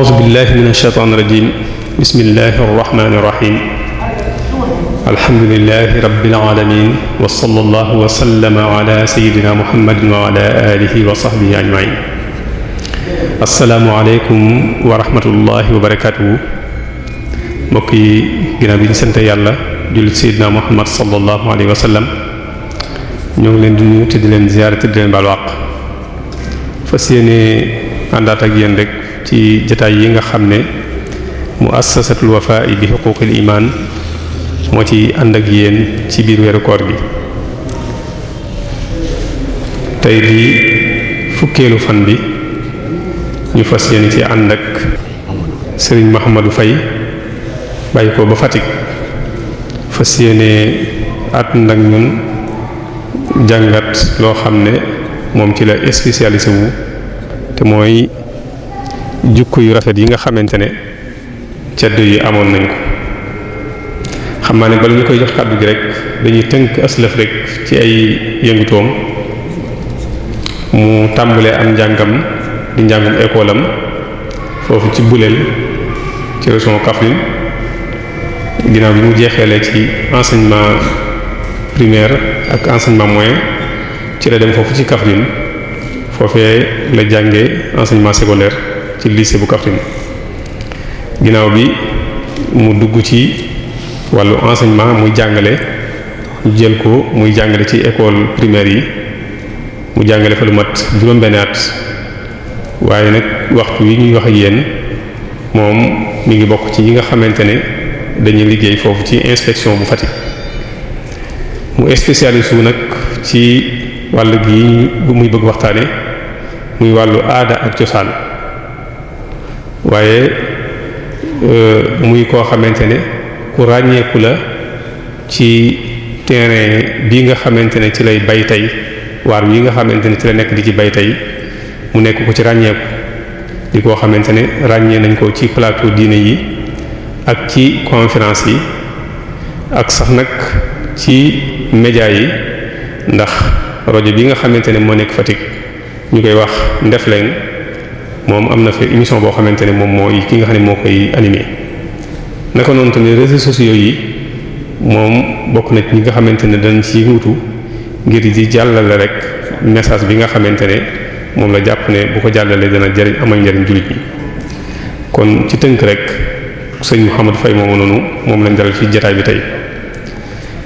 auzu billahi min ashaytaani rajim bismillahi arrahmani irrahim alhamdulilahi rabbil alamin wa sallallahu wa sallama ala sayidina muhammadin wa ala alihi wa sahbihi ajmain asalaamualeykum wa rahmatullahi wa barakatuhu mbokk yi ginnaaw bi ñu sant yàlla jullit sayidina muhammad sallallahu alayhi wa sallam ñoo ngi leen di nuyu te di leen ziyaare te di leen baal wàq fas yéene àndaat ak yéen rek ci jataay yi nga xam ne muassasatul Wafa'i bi huquqil iman moo ci ànd ak yéen ci biir weeru koor gi tey di fukkeelu fan bi ñu fas yéen ci ànd ak Serigne Mahamadou Faye bàyyi ko ba Fatick fas yéene at nag ñun jàngat loo xam ne moom ci la spécialisé wu te mooy jukko yu rafet yi nga xamante ne cedd yi amoon nañ ko xam naa ne bala ñu koy jox kàddu gi rek dañuy tënk aslaf rek ci ay yëngutoom mu tàmbalee am njàngam di njàngum école am foofu ci buleel ci région Kaffrine ginnaaw bi mu jeexeelee ci enseignement primaire ak enseignement moyen ci la dem foofu ci Kaffrine foofee la jànge enseignement secondaire ci lycée bu Kaffrine ginnaaw bi mu dugg ci wàllu enseignement muy jàngale ñu jël ko muy jàngale ci école primaire yi mu jàngale fa lu mat juróom-benn waaye nag waxtu wi ñuy wax ak moom mu ngi bokk ci ñi nga xamante ne dañuy liggéey foofu ci inspection bu Fatick mu spécialiste wu nag ci wàll gi muy bëgg waxtaane muy wàllu aada ak cosaan waaye euh, muy koo xamante ne ku ràññeeku la ci terrain bii nga xamante ne ci lay bay tey waar wi nga xamante ne ci la nekk di ci bay tey mu nekk ko ci ràññeeku di koo xamante ne ràññee nañ ko ci plateau diine yi ak ci conférence yi ak sax nag ci média yi ndax rajo bii nga xamante ne moo nekk Fatick ñu koy wax Ndefleng moom am na fi émission boo xamante ne moom mooy ki nga xam ne moo koy animé naka noonu tamit réseaux sociaux yi moom bokk na ñi nga xamante ne dañ ci wutu ngir di jàllale rek message bi nga xamante ne moom la jàpp ne bu ko jàllalee dana jariñ amal njariñ jullit ñi kon ci tënk rek sëñ xamat Faye moomu noonu moom lañ dalal fi jotaay bi tey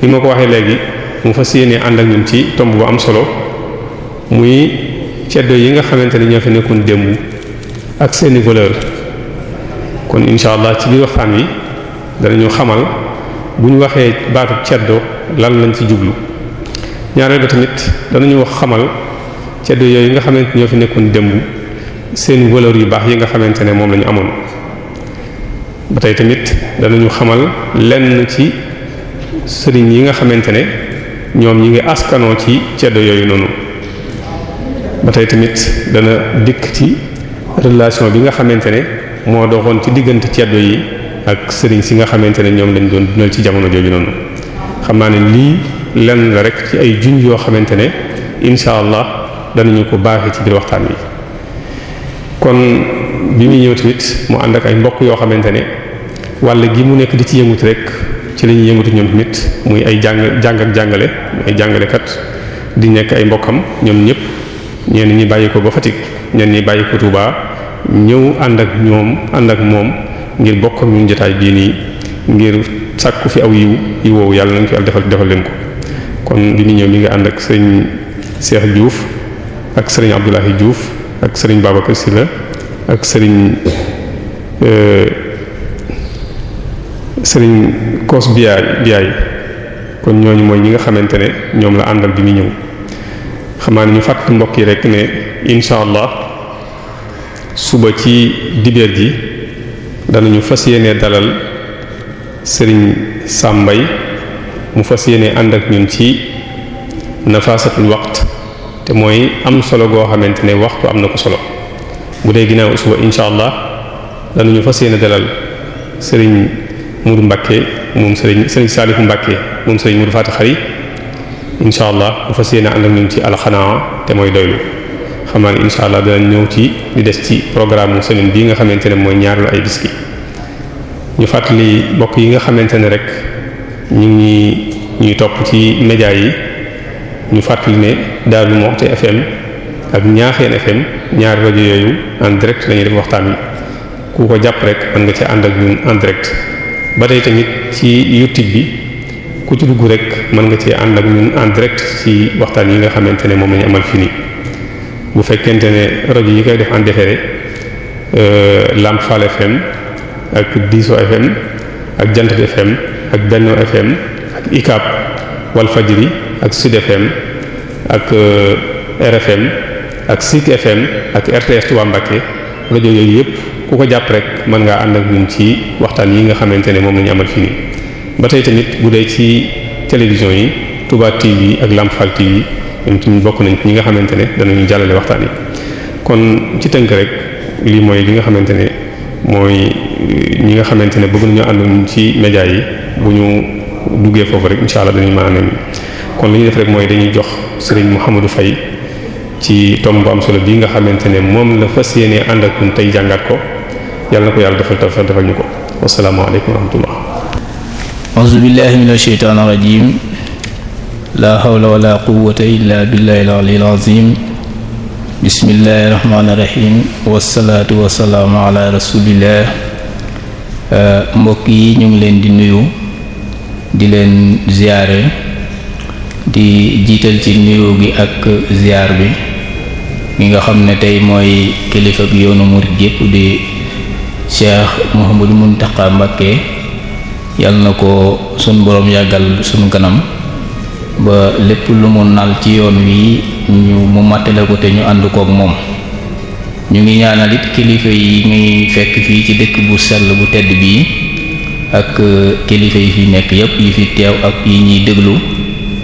ni ma ko waxee léegi mu fas yéenee ànd ak ñun ci tomb bu am solo muy ceddo yi nga xamante ne ñoo fi nekkoon démb. ak seeni valeur kon incha allah ci biir waxtaan wi danañu xamal bu ñu waxee baatu ceddo lan lañ ci jublu ñaareel ba tamit danañu wax xamal ceddo yooyu nga xamante ñoo fi nekkoon démb seen valeur yu baax yi nga xamante ne moom lañu amoon ba tey tamit danañu xamal lenn ci sëriñ yi nga xamante ne ñoom ñi ngi askanoo ci ceddo yooyu noonu ba tey tamit dana dikk ci relation bi nga xamante ne moo doxoon ci diggante ceddo yi ak sëriñ si nga xamante ne ñoom lañ doon dundal ci jamono jooju noonu xam naa ne lii lenn la rek ci ay junj yoo xamante ne incha allah danañu ko baaxee ci biir waxtaan wi kon bi muy ñëw tamit mu ànd ak ay mbokk yoo xamante ne walla gi mu nekk di ci yëngut rek ci la ñuy yëngutu ñoom tamit muy ay jàng jàng ak jàngale ay jàngalekat di nekk ay mbokkam ñoom ñëpp ñeen ñi bàyyi ko ba Fatick. ñenn ñi bàyyi ko Touba ñëw ànd ak ñoom ànd ak moom ngir bokk ak ñun jotaay bii nii ngir sàkku fi aw yiw yiw woowu yàlla nañ ko yàlla defal defal leen ko. kon bi ñëw ñu ngi ànd ak sëñ seex Diouf ak sëriñ Abdoulahi juuf ak sëriñ Babacar Sylla ak sëriñ euh, sëriñ Kos Biaye Biaye kon ñooñu mooy ñi nga xamante ne ñoom la àndal bi ñu ñëw xamaa ne ñu fàtt mbokk yi rek ne incha allah suba ci dibeer ji danañu fas yéene dalal sëriñ sàmbay mu fas yéene ànd ak ñun ci nafasatul waxt te mooy am solo goo xamante ne waxtu am na ko solo bu dee ginnaaw suba incha allah danañu fas yéene dalal sëriñ Mourou Mbacke moom sëriñ sëriñ Salif Mbacke moom sëriñ Mourou Fatick xari incha allah mu fas yéene ànd ak ñun ci alxanaa te mooy doylu xamaa ne incha allah danañ ñëw ci di des ci programme semaine bi nga xamante ne mooy ñaareelu ay bis ñu fàttali mbokk yi nga xamante ne rek ñu ngi ñuy topp ci média yi ñu fàttali ne Darou Moukhty FM ak Ñaaxeen FM ñaari rajo yooyu en direct lañuy def waxtaan wi ku ko jàpp rek mën nga ci ànd ak ñun en direct ba tey tamit ci YouTube bi ku ci rek mën nga ci ànd ak ñun en direct ci waxtaan yi nga xamante ne moom lañu amal fi nii bu fekkente ne rajo yi koy def en différé euh, Lamp FM ak Diso FM ak Jant FM ak Benno FM ak ICAP Walfajri ak Sud FM ak euh, RFM ak Zik FM ak RTS Touba Mbacké rajo yooyu yëpp ku ko jàpp rek mën ngaa ànd ak ñun ci waxtaan yi nga xamante ne moom la amal fi nii ba tey tamit bu dee ci télévision yi Touba TV ak Lamp Fall TV. ñun tamit bokk nañ ci ñi nga xamante ne danañu jàllale waxtaan yi kon ci tënk rek lii mooy li nga xamante ne mooy eh, ñi nga xamante ne bëgg nañu mu ci média yi bu ñu duggee foofu rek incha allah dañuy maanaam kon li ñuy def rek mooy dañuy jox sëriñ mu Mouhamadou fay ci tomb bu am solo bii nga xamante ne moom la fas yéenee ànd ak ñun tey jàngat ko yàlla na ko yàlla defal defal defal ñu ko wasalaamaaleykum wa rahmatullah. laa hawla wala quwwata illa billahil aliyyil azim bismillahir rahmanir rahim wasalaatu wasalaamu ala rasulillah euh, mbokk yi ñu ngi leen di nuyu di leen ziyaare di jiital ci nuyu gi ak ziyaar bi mi nga xam ne tey mooy kilifa bi yoonu murid yépp di Cheikh Mouhamadou Mountakha Mbacké yàlla na ko sunu boroom yàggal sunu kanam ba lépp lu mu nal ci yoon wii ñu mu matale ko te ñu ànd kook moom ñu ngi ñaanal it kilifa yi ngi fekk fii ci dëkk bu sell bu tedd bii ak euh, kilifa yi fi nekk yépp yi fi teew ak yi ñuy déglu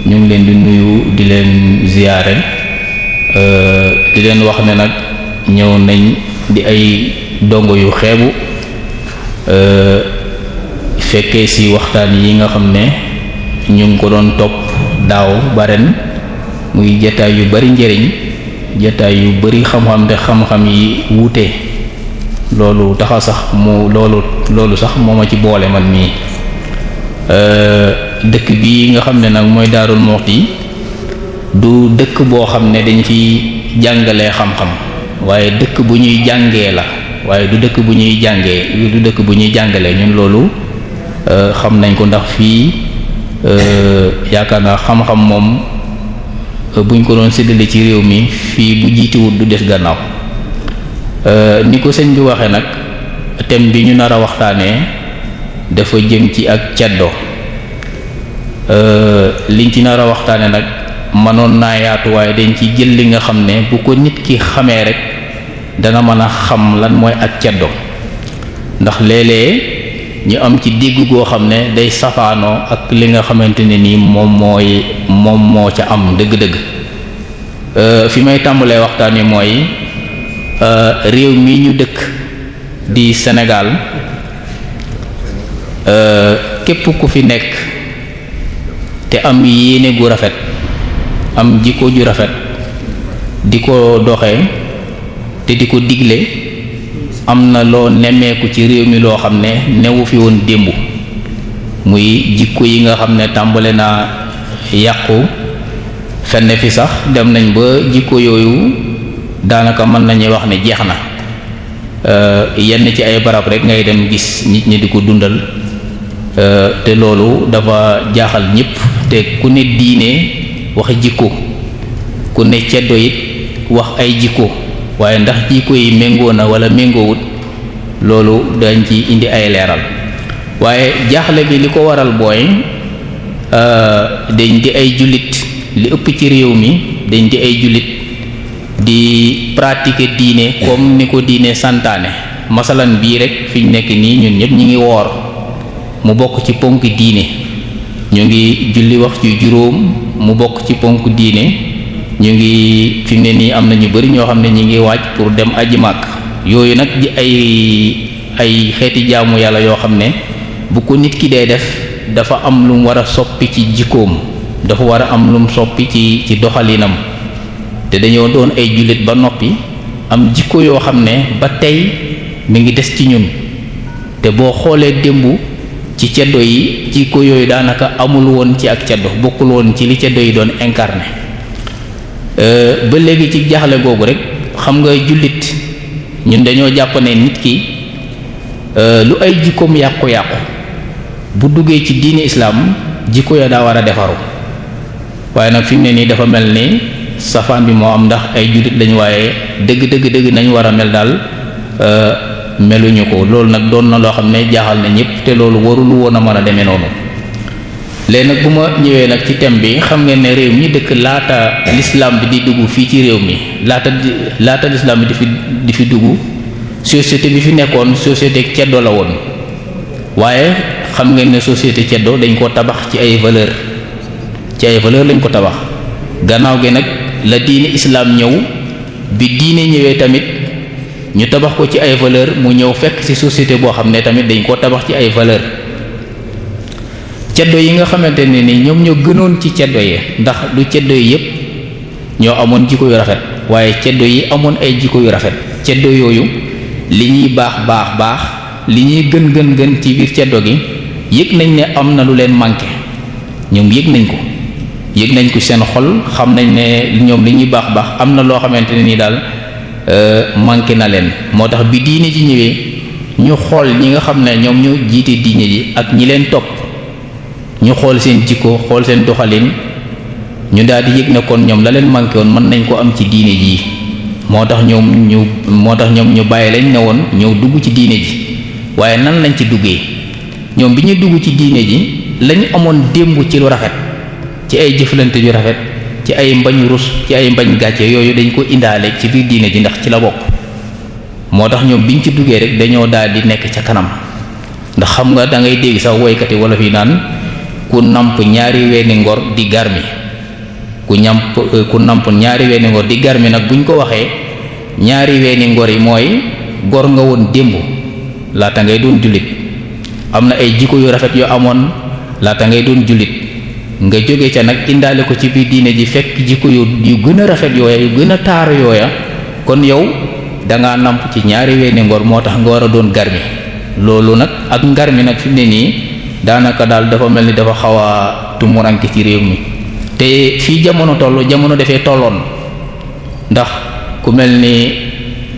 ñu ngi leen di nuyu di leen ziyaare euh, di leen wax ne nag ñëw nañ di ay dongo yu xeebu euh, fekkee ci waxtaan yi nga xam ne ñu ngi ko doon topp daaw ba ren muy jataay yu bari njariñ jataay yu bari xam-xam te xam-xam yi wuute loolu taxa sax mu loolu sax moom ma ci boole man mii dëkk bi nga xam ne nag mooy Darou Moukhty du dëkk boo xam ne dañ fi jàngale xam-xam waaye dëkk bu ñuy jàngee la waaye du dëkk bu ñuy jàngee du dëkk bu ñuy jàngalee ñun loolu xam nañ ko ndax fii Euh, yaakaar naa xam-xam moom euh, buñ ko doon séddale ci réew mi fii bu jiitiwut du des gannaaw euh, ni ko sëñ bi waxe nag thème bi ñu nar a waxtaanee dafa jëm ci ak ceddo liñ ci nar a waxtaanee nag mënoon naa yaatu waaye dañ ci jël li nga xam ne bu ko nit ki xamee rek dana mën a xam lan mooy ak ceddo ndax léeg ñu am ci dégg goo xam ne day safaanoo ak li nga xamante ne nii moom mooy moom moo ca am dëgg-dëgg euh, fi may tàmbalee waxtaan wi mooy euh, réew mi ñu dëkk di Sénégal euh, képp ku fi nekk te am yéene gu rafet am jikko ju rafet di ko doxee te di ko digle am na loo nemmeeku ci réew mi loo xam ne newu fi woon démb muy jikko yi nga xam ne tàmbale naa yàqu fenn fi sax dem nañ ba jikko yooyu daanaka mën nañuy wax ne jeex na euh, yenn ci ay barab rek ngay dem gis nit ñi di ko dundal euh, te loolu dafa jaaxal ñépp te ku ne diine wax jikko ku ne ceddo it wax ay jikko waaye ndax jikko koy méngoo na wala méngoowut loolu dañ ci indi ay leeral waaye jaaxle bi li ko waral booy euh, dañ di ay jullit li ëpp ci réew mi dañ di ay jullit di pratiquer diine comme ni ko diine santaane masalan bii rek fiñ nekk nii ñun ñëpp ñu ngi woor mu bokk ci ponk diine ñu ngi julli wax ci juróom mu bokk ci ponk diine ñu ngi fi ne nii am na ñu bari ñoo xam ne ñu ngi waaj pour dem aji màkk yooyu nag di ay ay xeeti jaamu yàlla yoo xam ne bu ko nit ki dee def dafa am lum mu war a soppi ci jikkoom dafa war a am lu soppi ci ci doxalinam te dañoo doon ay jullit ba noppi am jikko yoo xam ne ba tey mi ngi des ci ñun te boo xoolee démb ci ceddo yi jikko yooyu daanaka amul woon ci ak ceddo bokkul woon ci li ceddo yi doon incarné Euh, ba léegi ci jaaxle googu rek xam nga jullit ñun dañoo jàpp ne nit ki euh, lu ay jikkoom yàqu-yàqu bu duggee ci diini islaam jikko ya daa war a defaru waaye nag fi mu ne nii dafa mel ni safaan bi moo am ndax ay jullit lañu waaye dëgg dëgg dëgg nañu war a mel daal euh, meluñu ko loolu nag doon na loo xam ne jaaxal na ñépp te loolu warul woon a mën a demee noonu léegi nag bu ma ñëwee nag ci thème bi xam ngeen ne réew mi dëkk laata l'islam bi di dugg fii ci réew mi laata laata l'islam bi di fi di fi dugg société bi fi nekkoon société ceddo la woon waaye xam ngeen ne société ceddo dañ ko tabax ci ay valeur ci ay valeur lañ ko tabax gannaaw gi nag la diine islam ñëw bi diine ñëwee tamit ñu tabax ko ci ay valeur mu ñëw fekk ci société boo xam ne tamit dañ ko tabax ci ay valeur ceddo yi nga xamante ne ni ñoom ñoo gënoon ci ceddo yi ndax lu ceddo yi yépp ñoo amoon jikko yu rafet waaye ceddo yi amoon ay jikko yu rafet ceddo yooyu li ñuy baax baax baax li ñuy gën gën gën ci biir ceddo gi yëg nañ ne am na lu leen manqué ñoom yëg nañ ko yëg nañ ko seen xol xam nañ ne ñoom li ñuy baax baax am na loo xamante ne ni daal euh, manqué na leen moo tax bi diine ji ñëwee ñu xool ñi nga xam ne ñoom ñu jiite diine ji ak ñi leen topp ñu xool seen jikko xool seen doxalin ñu daal di yëg ne ñoom la leen manqué woon mën nañ ko am ci diine jii moo tax ñoom ñu moo tax ñoom ñu bàyyi lañ ne woon ñëw dugg ci diine ji waaye nan lañ ci duggee ñoom bi ñu dugg ci diine ji lañu amoon démb ci lu rafet ci ay jëflante yu rafet ci ay mbañ rus ci ay mbañ gàcce yooyu dañu ko indaale ci biir diine ji ndax ci la bokk moo tax ñoom biñ ci duggee rek dañoo daal di nekk ca kanam ndax xam nga da ngay dégg sax woykat yi wala fi naan ku namp ñaari weeni ngor di garmi ku ñamp eh, ku namp ñaari weeni ngor di garmi nag buñ ko waxee ñaari weeni ngor yi mooy gor nga woon démb laata ngay doon jullit am na ay jikko yu rafet yoo amoon laata ngay doon jullit nga jóge ca nag indaale ko ci biir diine ji fekk jikko yu yu gën rafet yooya yu gën a taaru yooya kon yow danga namp ci ñaari weeni ngor moo tax nga war a doon garmi loolu nag ak ngar nag fi ne nii daanaka daal dafa mel ni dafa xaw a tumuranke ci réew mi te fii jamono toll jamono defee tolloon ndax ku mel ni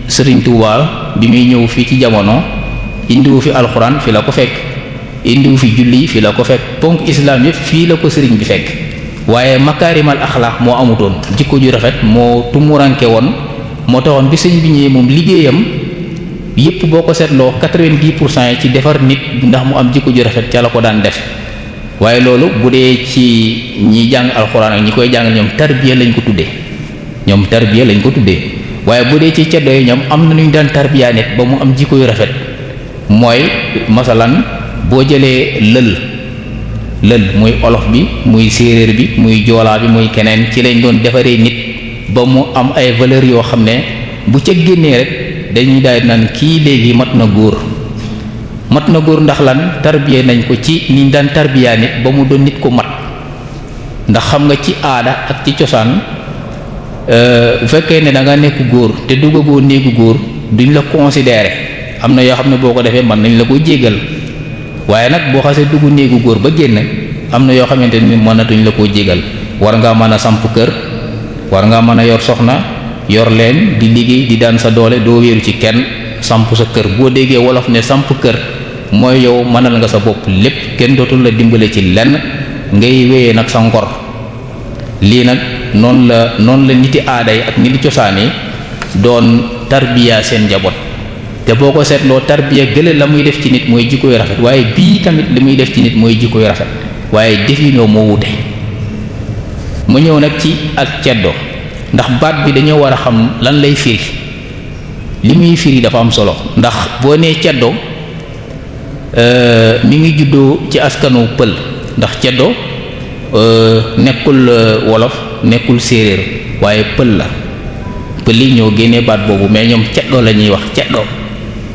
sëriñ Touba bi muy ñëw fii ci jamono indiwu fi alxuraan fi la ko fekk indiwu fi julli fi la ko fekk ponk islam yëpp fii la ko Serigne bi fekk waaye makaarimal axlaax moo amutoon jikko ju rafet moo tumuranke woon moo taxoon bi sëñ bi ñëwee moom liggéeyam. yépp boo ko seetloo quatre vingt pour cent yi ci defar nit ndax mu am jikko ju rafet ca la ko daan def waaye loolu bu dee ci ñi jàng alxuraan ak ñi koy jàng ñoom tarbiya lañ ko tuddee ñoom tarbiya lañ ko tuddee waaye bu dee ci ceddo yi ñoom am na nu ñu daan tarbiya nit ba mu am jikko yu rafet mooy masalan boo jëlee lël lël muy olof bi muy séeréer bi muy joolaa bi muy keneen ci lañ doon defaree nit ba mu am ay valeurs yoo xam ne bu ca génnee rek dañuy daay naan kii léegi mat na góor mat na góor ndax lan tarbiya nañ ko ci niñ daan tarbiya nit ba mu doon nit ko mat ndax xam nga ci aada ak ci cosaan euh, bu fekkee ne da nga nekk góor te dugg duggagoo néegu góor duñ la considérer am na yoo xam ne boo ko defee mën nañ la ko jéggal waaye nag boo xasee dugg néegu góor ba génn am na yoo xamante ni mënatuñ la koo jéggal war ngaa mën a samp kër war ngaa mën a yor soxna yor leen di liggéey di daan sa doole doo wéeru ci kenn samp sa kër boo déggee wolof ne samp kër mooy yow mënal nga sa bopp lépp kenn dootul la dimbale ci lenn ngay wéyee nag sa ngor lii nag noonu la noonu la niti aaday ak niti cosaan yi doon tarbiya seen njaboot te boo ko seetloo tarbiya gële la muy def ci nit mooy jikkoy rafet waaye bii tamit li muy def ci nit mooy jikkoy rafet waaye definoo moo wute mu ñëw nag ci ak ceddo ndax baat bi dañoo war a xam lan lay firi li muy firi dafa am solo ndax boo nee ceddo euh, mi ngi juddoo ci askanu pël ndax ceddo euh, nekkul euh, wolof nekkul séeréer waaye pël la pël yi ñoo génnee baat boobu mais ñoom ceddo la ñuy wax ceddo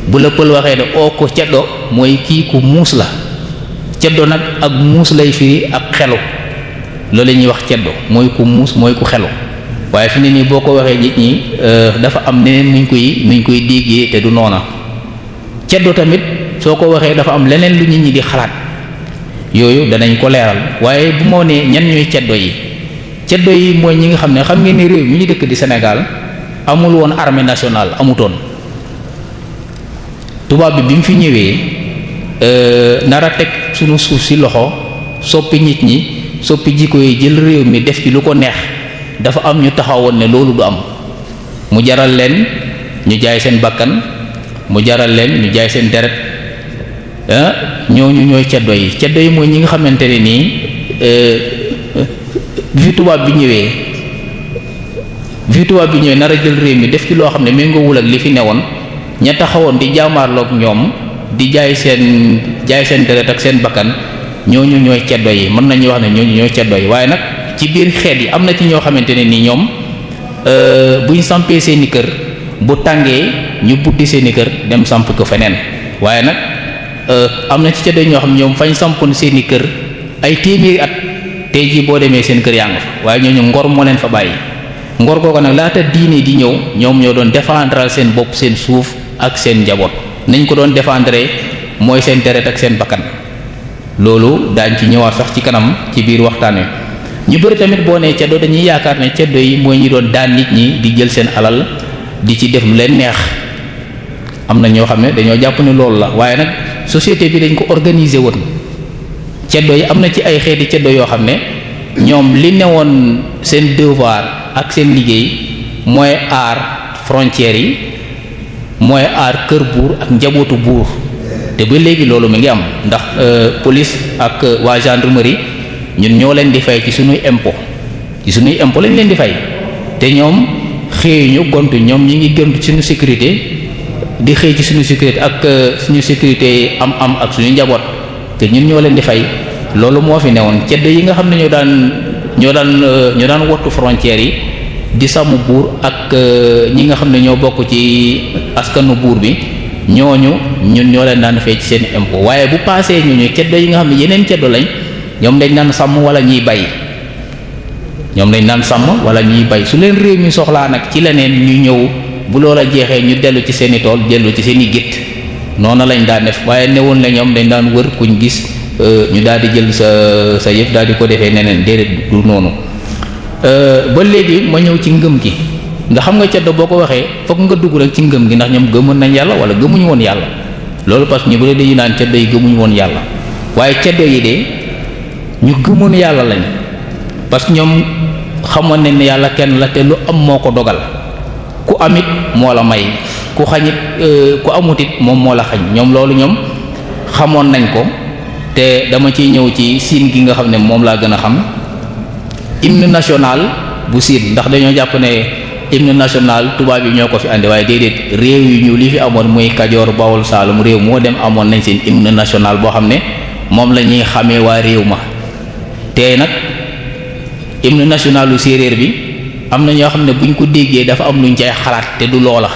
bu la pël waxee ne oo oh, ko ceddo mooy kii ku muus la ceddo nag ak muus lay firi ak xelu loolu la ñuy wax ceddo mooy ku muus mooy ku xelu waaye fi ne nii boo ko waxee nit ñi euh, dafa am neneen nuñ koy nuñ koy déggee te du noona ceddo tamit soo ko waxee dafa am leneen lu nit ñi di xalaat yooyu danañ ko leeral waaye bu moo nee ñan ñooy ceddo yi ceddo yi mooy ñi nga xam ne xam ngeen ni réew mi ñu dëkk di senegal amul woon armée nationale amutoon tubaab bi bi mu fi ñëwee euh, nar a teg sunu suuf si loxo soppi nit ñi soppi jikko yi jël réew mi def ci lu ko neex dafa am ñu taxawoon ne loolu du am mu jaral leen ñu jaay seen bakkan mu jaral leen ñu jaay seen deret ah, ñooñu ñooy ceddo yi ceddo yi mooy ñi nga xamante ne nii eh, eh, bi fi bi ñëwee bi bi ñëwee nar a jël réew mi def ci loo xam ne méngoowul ak li fi newoon ña taxawoon di jaamaarloog ñoom di jaay seen jaay seen deret ak seen bakkan ñooñu ñooy ceddo yi mën nañu wax ne ñooñu ñooy ceddo yi waaye nag ci biir xeet yi am na ci ñoo xamante ne nii ñoom euh, bu ñu sampee seen kër bu tàngee ñu buddi seen i kër dem samp ko feneen waaye nag euh, am na ci ca ñoo xam ñoom fañ sampoon seen i kër ay téeméeri at tey jii boo demee seen kër yaa nga fa waaye ñooñu ngor moo leen fa bàyyi ngor googu nag laata diine di ñëw ñoom ñoo doon défendral seen bopp seen suuf ak seen njaboot nañ ko doon défendre mooy seen deret ak seen bakkan loolu daañ ci ñëwaat sax ci kanam ci biir waxtaan wi ñu bëri tamit boo nee ceddo dañuy yaakaar ne ceddo yi mooy ñi doon daan nit ñi di jël seen alal di ci def lu leen neex am na ñoo xam ne dañoo jàpp ne loolu la waaye nag société bi dañ ko organiser woon ceddo yi am na ci ay xeeti ceddo yoo xam ne ñoom li newoon seen devoir ak seen liggéey mooy aar frontières yi mooy aar kër buur ak njabootu buur te ba léegi loolu mi ngi am ndax euh, police ak euh, waa gendarmerie ñun ñoo leen di fay ci suñuy impôt ci suñuy impôt lañ leen di fay te ñoom xëy ñu gontu ñoom ñu ngi gëntu suñu sécurité di xëy ci suñu sécurité ak euh, suñu sécurité am am ak suñu njaboot te ñun ñoo leen di fay loolu moo fi ne woon cedd yi nga xam ne ñoo daan ñoo daan euh, ñoo daan wattu frontières yi di sàmm buur ak euh, ñi nga xam ne ñoo bokk ci askanu buur bi ñooñu ñun ñoo leen daan fay ci seen impo waaye bu paasee ñu ñu cedd yi nga xam ne yeneen ceddo lañ ñoom dañ naan sàmm wala ñuy bay ñoom dañ naan sàmm wala ñuy bay su leen réew mi soxlaa nag ci leneen ñu ñëw bu loola jeexee ñu dellu ci seeni tool dellu ci seeni gétt noonu lañ daan def waaye newoon la ñoom dañ daan wër kuñ gis euh, ñu daal di jël sa sa yëf daal di ko defee neneen déedéet du noonu euh, ba léegi ma ñëw ci ngëm gi nga xam nga ceddo boo ko waxee fokk nga dugg rek ci ngëm gi ndax ñoom gëmoon nañ yàlla wala gëmuñu woon yàlla loolu parce que ñu bëri dañu naan ceddo yi gëmuñu woon yàlla waaye ceddo yi de ñu gëmoon yàlla lañ parce que ñoom xamoon nañ ni yàlla kenn la te lu am moo ko dogal ku amit moo la may ku xañit euh, ku amut it moom moo la xañ ñoom loolu ñoom xamoon nañ ko te dama ciy ñëw ci siin gi nga xam ne moom laa gën a xam hymne national bu siin ndax dañoo jàpp ne hymne national tubaab yi ñoo ko fi andi waaye déedéet réew yu ñu li fi amoon muy Kajoor Bawol Saalum réew moo dem amoon nañ seen hymne national boo xam ne moom la ñuy waa réew ma tey nag hymne national lu séeréer bi am na ñoo xam ne bu buñ ko déggee dafa am luñ cay xalaat te du loola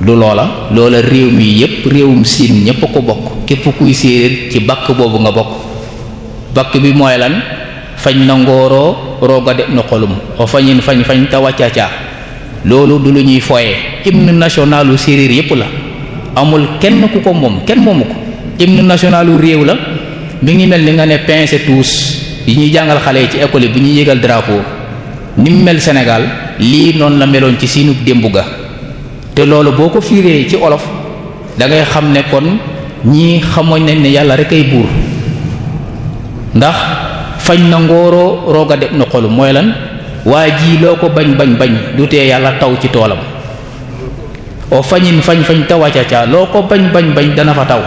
du loola loola réew mii yépp réewum siin ñépp ko bokk képp kuy séeréer ci bakk boobu nga bokk bakk bi mooy lan fañ na ngooroo rooga de na xolum fañin fañ fañ ta wàccacaa loolu du lu ñuy foye hymne national lu séeréer yépp la amul kenn ku ko moom kenn moomu ko hymne national lu réew la mi ngi mel ni nga ne pince yi ñuy jàngal xale yi ci école bi ñuy yégal drapeau ni mu mel Sénégal lii noonu la meloon ci siinu démb ga te loolu boo ko fiiree ci olof dangay xam ne kon ñii xamooñ nañ ne yàlla rek ay buur ndax fañ na ngóoroo roog a def mooy lan waa jii loo ko bañ bañ bañ du tee yàlla taw ci toolam o fañin fañ fañ tawacaca loo ko bañ bañ bañ dana fa taw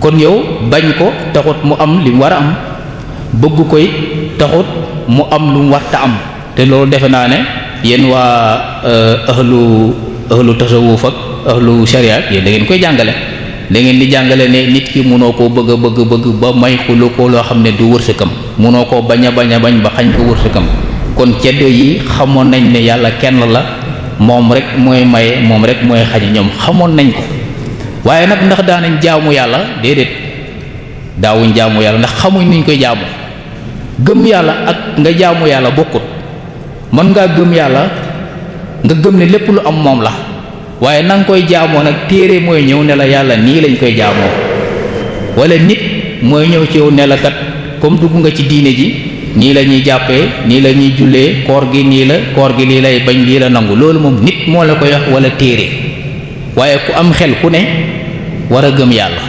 kon yow bañ ko taxut mu am li war a am bëggu koy taxut mu am lu mu warta am te loolu defe naa ne yéen waa euh, ahlu ahlu tasawuf ak ahlu sharia yéen da ngeen koy jàngale da ngeen di jàngale ne nit ki munoo koo bëgg a bëgg ba may ko lu loo xam ne du wërsëkam munoo koo bañ a bañ a bañ ba xañ ko wërsëkam kon ceddo yi xamoon nañ ne yàlla kenn la moom rek mooy maye moom rek mooy xañ ñoom xamoon nañ ko waaye nag ndax daanañ jaamu yàlla déedéet daawuñ jaamu yàlla ndax xamuñ niñ koy jaamu gëm yàlla ak nga jaamu yàlla bokkut mën ngaa gëm yàlla nga gëm ne lépp lu am moom la waaye na koy jaamoo nag téere mooy ñëw ne la yàlla nii lañ koy jaamoo wala nit mooy ñëw ci yow ne la kat comme dugg nga ci diine ji nii la ñuy jàppee nii la ñuy jullee koor gi nii la koor gi lii lay bañ lii la nangu loolu moom nit moo la koy wax wala téere waaye ku am xel ku ne war a gëm yàlla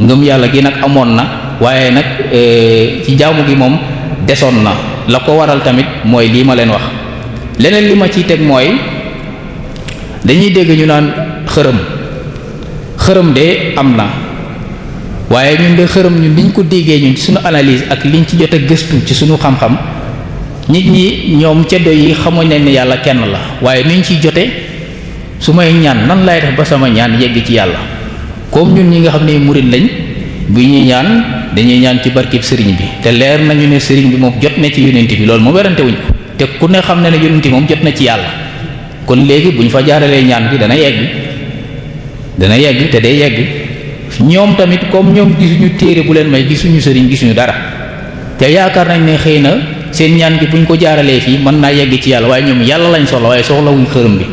ngëm yàlla gi nag amoon na waaye nag eh, ci jaamu gi moom desoon na la ko waral tamit mooy lii ma leen wax leneen li ma ciy teg mooy dañuy dégg ñu naan xërëm xërëm de am na waaye ñun de xërëm ñun liñ ko déggee ñun ci suñu analyse ak liñ ci jot a ci suñu xam-xam nit ñi ñoom ceddo yi xamuñ ne ni yàlla kenn la waaye nuñ ciy jote su may ñaan nan laay def ba sama ñaan yegg ci yàlla comme ñun ñi nga xam ne murid lañ bu ñuy ñaan dañuy ñaan ci barkib sëriñ bi te leer nañu ne sëriñ bi moom jot na ci yonent bi loolu moom werante wuñ te ku ne xam ne ne yonent bi moom jot na ci yàlla kon léegi bu ñu fa jaaralee ñaan bi dana yegg dana yegg te day yegg ñoom tamit comme ñoom gisuñu téere bu leen may gisuñu sëriñ gisuñu dara te yaakaar nañ ne xëy na seen ñaan bi buñ ko jaaralee fii mën naa yegg ci yàlla waaye ñoom yàlla lañ soxla waaye soxlawuñ xërëm bi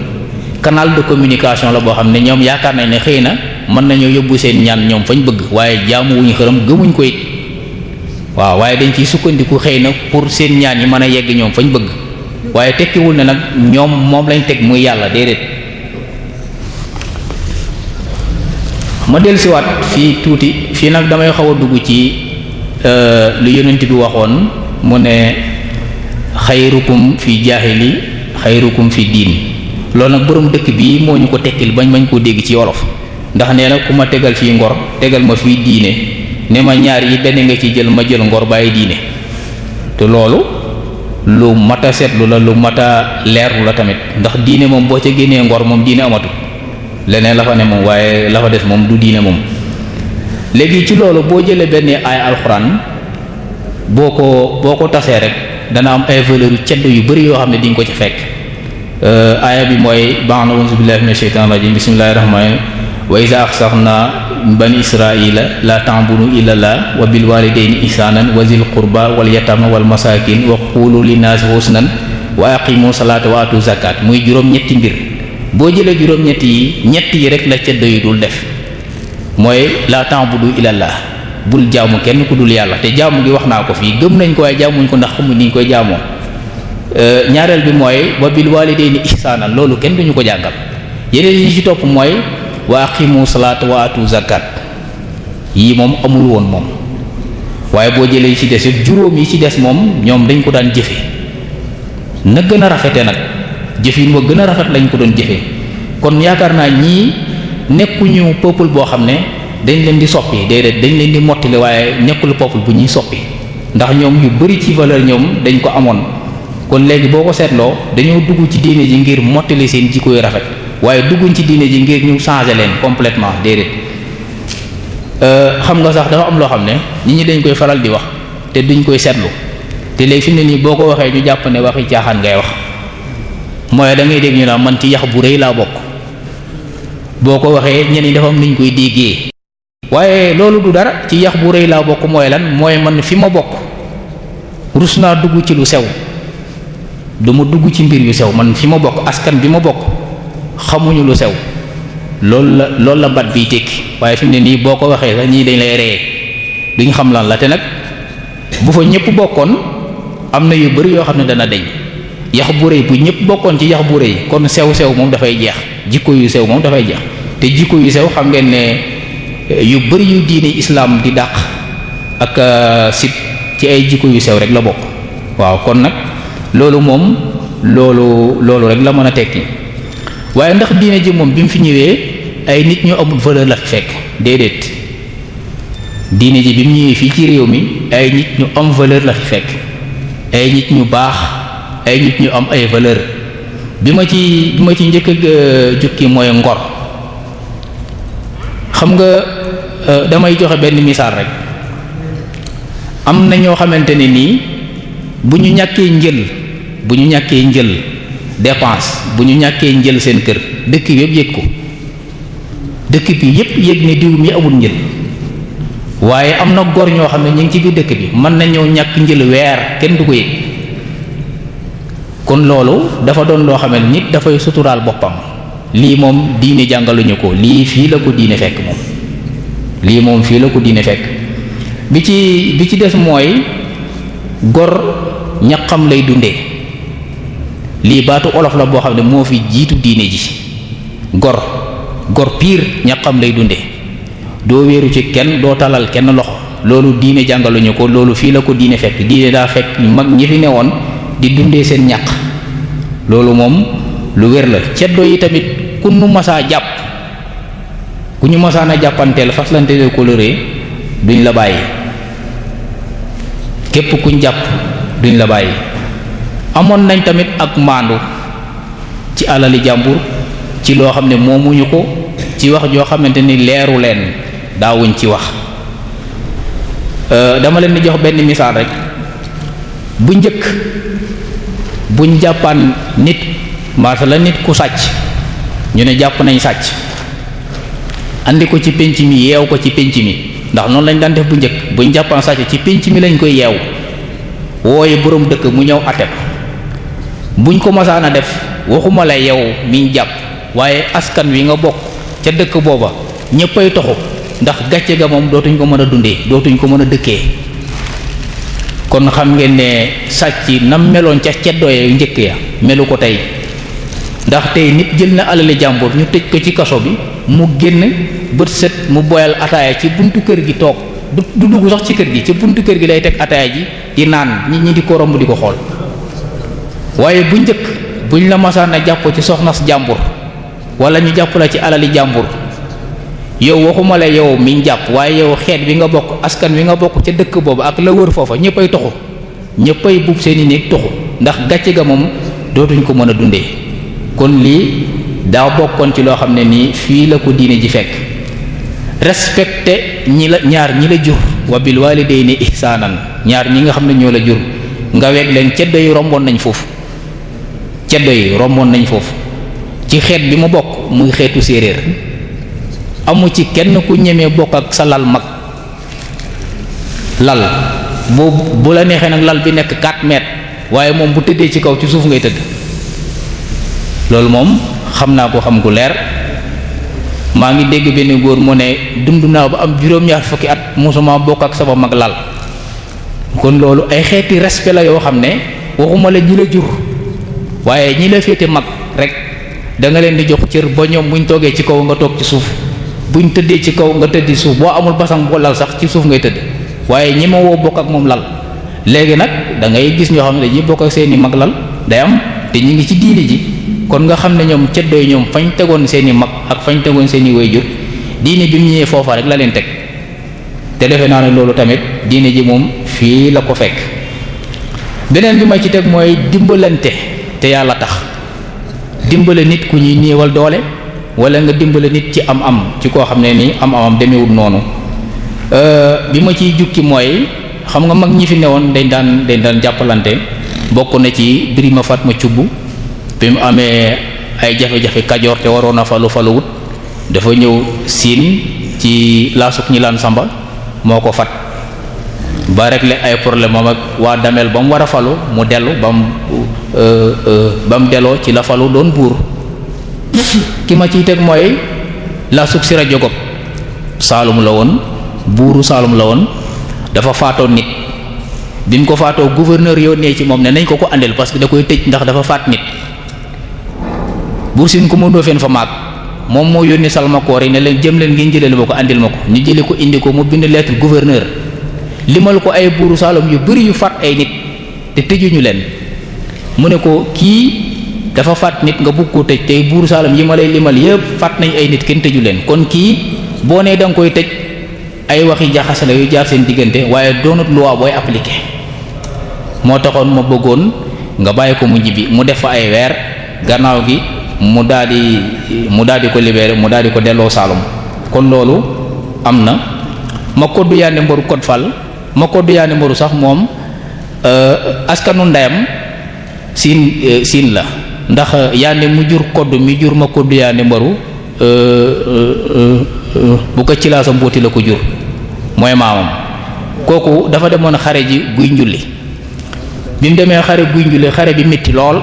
canal de communication la boo xam ne ñoom yaakaar nañ ne xëy na mën nañoo yóbbu seen ñaan ñoom fañ bëgg waaye jaamu wuñu xërëm gëmuñ ko it waaw waaye dañ ciy sukkandiku xëy na pour seen ñaan yi mën a yegg ñoom fañ bëgg waaye tekkiwul ne nag ñoom moom lañ teg muy yàlla déedéet ma dellusiwaat fii tuuti fii nag damay xaw a dugg ci euh, lu yonent bi waxoon mu ne xayrukum fi jaahili xayrukum fi diin loolu nag borom dëkk bii moo ñu ko tekkil bañ bañ koo dégg ci olof ndax nee nag ku ma tegal fii ngor tegal ma fii diine ne ma ñaar yi benn nga ci jël ma jël ngor bàyyi diine te loolu lu mat a seetlu la lu mat a leerlu la tamit ndax diine moom boo ca génnee ngor moom diine amatu leneen la fa ne moom waaye la fa des moom du diine moom léegi ci loolu boo jëlee benn ay alxuraan boo ko boo ko tasee rek dana am ay valeur yu cedd yu bari yoo xam ne diñ ko ci fekk euh, aaya bi mooy baax na auzu billahi minash shaitanir rajim bismillahir rahmanir wa iza axsarna bani israila la ta'budu illa la wa bil walidayni ihsanan wa zil qurba wal yatama wal masakin wa qulu linnaasi husnan wa aqimu salata wa atu zakat muy juróom-ñetti mbir boo jëlee juróom-ñetti yi ñett yi rek la ca doyudul def mooy la ta'budu du la bul jaamu kenn ku dul yàlla te jàmm gi wax naa ko fii gëm nañ ko waaye jaamuñ ko ndax xamuñ niñ koy jaamoo euh, ñaareel bi mooy wa bil walidayni ihsanan loolu kenn duñu ko jàngal yeneen yi ci topp mooy wa aqimu salaata wa atu yii moom amul woon moom waaye boo jëlee yi ci des yëpp juróom yi ci des moom ñoom dañ ko daan jëfe nag gën a rafete nag jëfin wa gën a rafet lañ ko doon jëfe kon yaakaar naa ñii nekkuñu peuple boo xam ne dañ leen di soppi déedéet dañ leen di mottali waaye nekkul peuple bu ñuy soppi ndax ñoom yu bari ci valeur ñoom dañ ko amoon kon léegi boo ko seetloo dañoo dugg ci diine ji ngir mottali seen jikko yu rafet waaye dugguñ ci diine ji ngir ñu changer leen complètement déedéet euh, xam nga sax dafa am loo xam ne nit ñi dañ koy faral di wax te duñ koy seetlu te léegi fi ne nii boo ko waxee ñu jàpp ne waxi caaxaan ngay wax mooy da ngay dégg ñu naan man ci yax bu rëy laa bokk boo ko waxee ñenn ñi dafa am niñ koy déggee waaye loolu du dara ci yax bu rëy laa bokk mooy lan mooy man fi ma bokk rus naa dugg ci lu sew du ma dugg ci mbir yu sew man fi ma bokk askan bi ma bokk. xamuñu lu sew loolu la loolu la bat biy tekki waaye fi mu ne nii boo ko waxee sax ñii dañ lay ree duñ xam lan la te nag bu fa ñëpp bokkoon am na yu bari yoo xam ne dana deñ yax bu rëy bu ñëpp bokkoon ci yax bu rëy kon sew sew moom dafay jeex jikko yu sew moom dafay jeex te jikko yu sew xam ngeen ne eh, yu bari yu diini islaam di dàq ak eh, sit ci ay jikko yu sew rek la bokk waaw kon nag loolu moom loolu loolu rek la mën a tekki waaye ndax diine ji moom bi mu fi ñëwee ay nit ñu amul valeur la fekk déedéet diine ji bi mu ñëwee fii ci réew mi ay nit ñu am valeur la fekk ay nit ñu baax ay nit ñu am ay valeur bi ma ci bi ma ci njëkk a euh, jukki mooy ngor xam nga euh, damay joxe benn misaal rek am na ñoo xamante ne nii bu ñu ñàkkee njël bu ñu ñàkkee njël dépense bu ñu ñàkkee njël seen kër dëkk bi yëpp yéeg ko dëkk bi yëpp yëg ne diw mi amul njël waaye am na gor ñoo xam ne ñu ci biir dëkk bi mën nañoo ñàkk njël weer kenn du ko yëg kon loolu dafa doon loo xam ne nit dafay suturaal boppam lii moom diine jàngaluñu ko lii fii la ko diine fekk moom lii moom fii la ko diine fekk bi ci bi ci des mooy gor ñaqam lay dundee lii baatu olof la boo xam ne moo fi jiitu diine ji gor gor piir ñaqam lay dunde doo wéeru ci kenn doo talal kenn loxo loolu diine jàngaluñu ko loolu fii la ko diine fekk diine daa fekk mag ñi fi newoon di dundee seen ñaq loolu moom lu wér la ceddo yi tamit ku masaa jàpp ku ñu masaan a jàppanteel faslante de coloré duñ la bàyyi képp kuñ jàpp duñ la bàyyi amoon nañ tamit ak maandu ci alali jàmbur ci loo xam ne moomuñu ko ci wax joo xamante ni leeru leen daawuñ ci wax euh, dama leen di jox benn misaal rek bu njëkk buñ jàppaan nit marta nit ku sàcc ñu ne jàpp nañ sàcc andi ko ci penc mi yeew ko ci penc mi ndax noonu lañ daan def bu njëkk buñ jàppaan sàcc ci pinc mi lañ koy yeew wooye boroom dëkk mu ñëw ate buñ ko mosaan a def waxuma la yow miñ jàpp waaye askan wi nga bokk ca dëkk booba ñëppay toxu ndax gàcce ga moom dootuñ ko mën a dundee dootuñ ko mën a dëkkee kon xam ngeen ne sàcc na meloon ca ceddooye yu njëkk ya melu ko tey ndax tey nit jël na alali jàmbur ñu tëj ko ci kaso bi mu génn bët set mu boyal ataaya ci buntu kër gi toog du dugg sax ci kër gi ci buntu kër gi lay teg ataaya ji di naan nit ñi di ko romb di ko xool waaye bu njëkk buñ la masaan a jàpp ci soxnas jàmbur wala ñu jàpp la ci alali jàmbur yow waxuma la yow miñ jàpp waaye yow xeet bi nga bokk askan wi nga bokk ca dëkk boobu ak la wër foofa ñëppay toxu ñëppay buub seeni néeg toxu ndax gàcce ga moom dootuñ ko mën a dundee kon lii daa bokkoon ci loo xam ne nii fii la ko diine ji fekk respecté ñi la ñaar ñi la jur wa bil walidayni ihsanan ñaar ñi nga xam ne ñoo la jur nga weg leen ca doy romboon nañ foofu ceddo yi romboon nañ foofu ci xeet bi mu bokk muy xeetu séeréer amu ci kenn ku ñemee bokk ak sa lal mag lal bu bu la neexee nag lal bi nekk 4 mètres waaye moom bu tëddee ci kaw ci suuf ngay tëdd loolu moom xam naa ko xam ku leer maa ngi dégg benn góor mu ne dund naa ba am juróom-ñaar fukki at mosuma bokk ak sama mag lal kon loolu ay xeeti respect la yoo xam ne waxuma la ñi la jur waaye ñi la féete mag rek da nga leen di jox cër ba ñoom ñu toogee ci kaw nga toog ci suuf bu buñ tëddee ci kaw nga tëddi suuf boo amul basang boo lal sax ci suuf ngay tëdd waaye ñi ma woo bokk ak moom lal léegi nag da ngay gis ñoo xam ne dañuy bokk ak seeni mag lal day am te ñu ngi ci diini ji kon nga xam ne ñoom ceddooy ñoom fañ tegoon seeni mag ak fañ tegoon seeni waajur diini bi mu ñëwee foofa rek la leen teg te defe naa ne loolu tamit diini ji moom fii la ko fekk beneen bi ma ci teg mooy dimbalante te yàlla tax dimbale nit ku ñuy néewal doole walla nga dimbale nit ci am am ci koo xam ne nii am amam demewut noonu euh, bi ma ciy jukki mooy xam nga mag ñi fi newoon dañ daan dañ daan jàppalante bokk na ci Birima Fatma Cubb bi mu amee ay jafe-jafe kajoor te waroon a falu faluwut dafa ñëw siin ci laasuk ñi laan samba moo ko fat ba régler ay problème am ak waa damel ba mu war a falu mu dellu ba mu euh, euh, ba mu delloo ci la falu doon buur ki ma ciy teg mooy la sug sira jogob saalum la woon buuru saalum la woon dafa faatoon nit bi mu ko faatoo gouverneur ne ci moom ne nañ ko ko àndel parce que da koy tëj ndax dafa faat nit buur sin ko mu doofeen fa maag moom moo yónni salmakoor yi ne leen jëm leen ngeen jëlee ma ko àndil ma ko ñu jëlee ko indi ko mu bind lettre gouverneur limal ko ay buuru Saalum yu bari yu faat ay nit te tëjuñu leen mu ne ko kii dafa faat nit nga bugg ko tëj tey buuru Saalum yi ma lay limal yépp faat nañ ay nit kenn tëju leen kon kii boo nee da koy tëj ay waxi jaxase la yu jaar seen diggante waaye doonut loi booy appliqué moo taxoon ma bëggoon nga bàyyi ko mu ñibbi mu def fa ay weer gannaaw gi mu daldi mu daldi ko libéré mu daldi ko delloo saalom kon loolu am na ma koddu yaande mboru kod fal ma koddu yaani mbaru sax moom euh, askanu ndeyam siin euh, siin la ndax euh, yaani mu jur koddu mi jur ma koddu yaani mbaru bu ko ci laa sa mbooti la ko jur mooy maamam kooku dafa demoon xare ji guy njulli bi mu demee xare guy njulli xare bi métti lool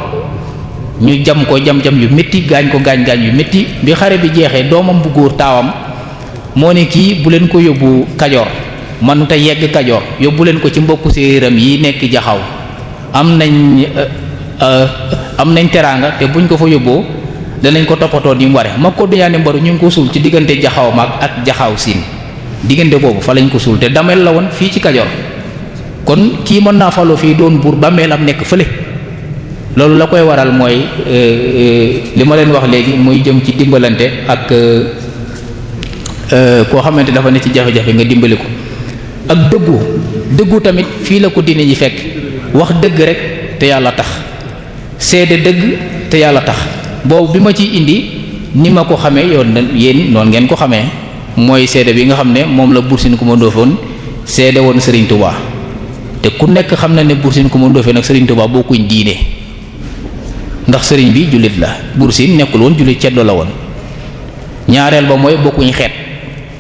ñu jam ko jam-jam yu métti gaañ ko gaañ-gaañ yu metti bi xare bi jeexee doomam bu góor taawam moo ne kii bu leen ko yóbbu Kajoor mënuta yegg kajoor yóbbu leen ko ci mbokku séeréeram yi nekk jaxaw am nañ euh, euh, am nañ teraanga te buñ ko fa yóbboo danañ ko toppatoo ni mu ware ma ko duñaane mbaru ñu ngi ko suul ci diggante jaxaw maag ak jaxaw siin diggante boobu fa lañ ko suul te dameel la woon fii ci kajoor kon kii mën naa faloo fii doon buur bàmmeelam nekk fële loolu la koy waral mooy euh, li ma leen wax léegi muy jëm ci dimbalante ak koo xamante dafa ne ci jafe-jafe nga dimbali ko ak dëggu dëggu tamit fii la ko diine ji fekk wax dëgg rek te yàlla tax seede dëgg te yàlla tax boobu bi ma ci indi ni ma ko xamee yoon yéen noonu ngeen ko xamee mooy seede bi nga xam ne moom la Buur Sine Kumba Ndoofeen seede woon Serigne Touba te ku nekk xam na ne Buur Sine Kumba Ndoofeen ak Serigne Touba bokkuñ diine ndax sëriñ bi jullit la Buur Sine nekkul woon jullit ceddo la woon ñaareel ba mooy bokkuñ xeet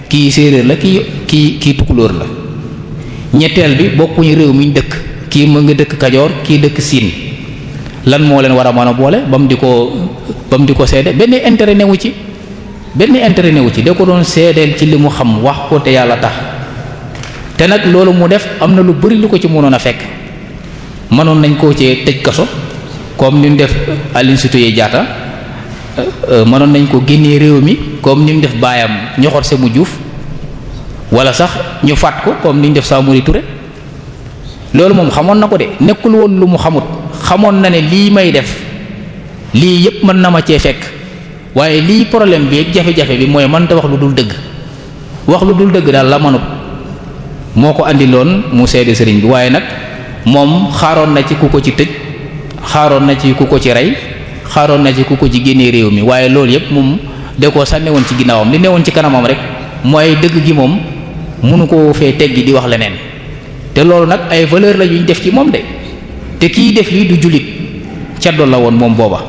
kii séeréer la kii kii kii tukulóor la. ñetteel bi bokkuñu réew mi ñu dëkk kii mën nga dëkk Kajoor kii dëkk Siin lan moo leen war a mën a boole ba mu di ko ba mu di ko seede benn intérêt newu ci benn intérêt newu ci da ko doon seedeel ci li mu xam wax ko te yàlla tax te nag loolu mu def am na lu bari lu ko ci mënoon a fekk mënoon nañ koo cee tëj kaso comme ni mu def Aline Sitoé Diatta euh, euh, mënoon nañ ko génnee réew mi comme ni mu def baayam ñoxor se mu Juuf wala sax ñu faat ko comme niñ def Samori Touré loolu moom xamoon na ko de nekkul woon lu mu xamut xamoon na ne lii may def lii yépp mën na ma cee fekk waaye lii problème bi ak jafe-jafe bi mooy mante wax lu dul dëgg wax lu dul dëgg daal la mënut moo ko indi loon mu seede sëriñ bi waaye nag moom xaaroon na ci ku ko ci tëj xaaroon na ci ku ko ci rey xaaroon na ci ku ko ci génne réew mi waaye loolu yépp moom de koo sànne woon ci ginnaawam li ne woon ci kanamam rek mooy dëgg gi moom mënu koo fee gi di wax leneen te loolu nag ay valeur la yuñ def ci moom de te kiy def lii du jullit ceddo la woon moom booba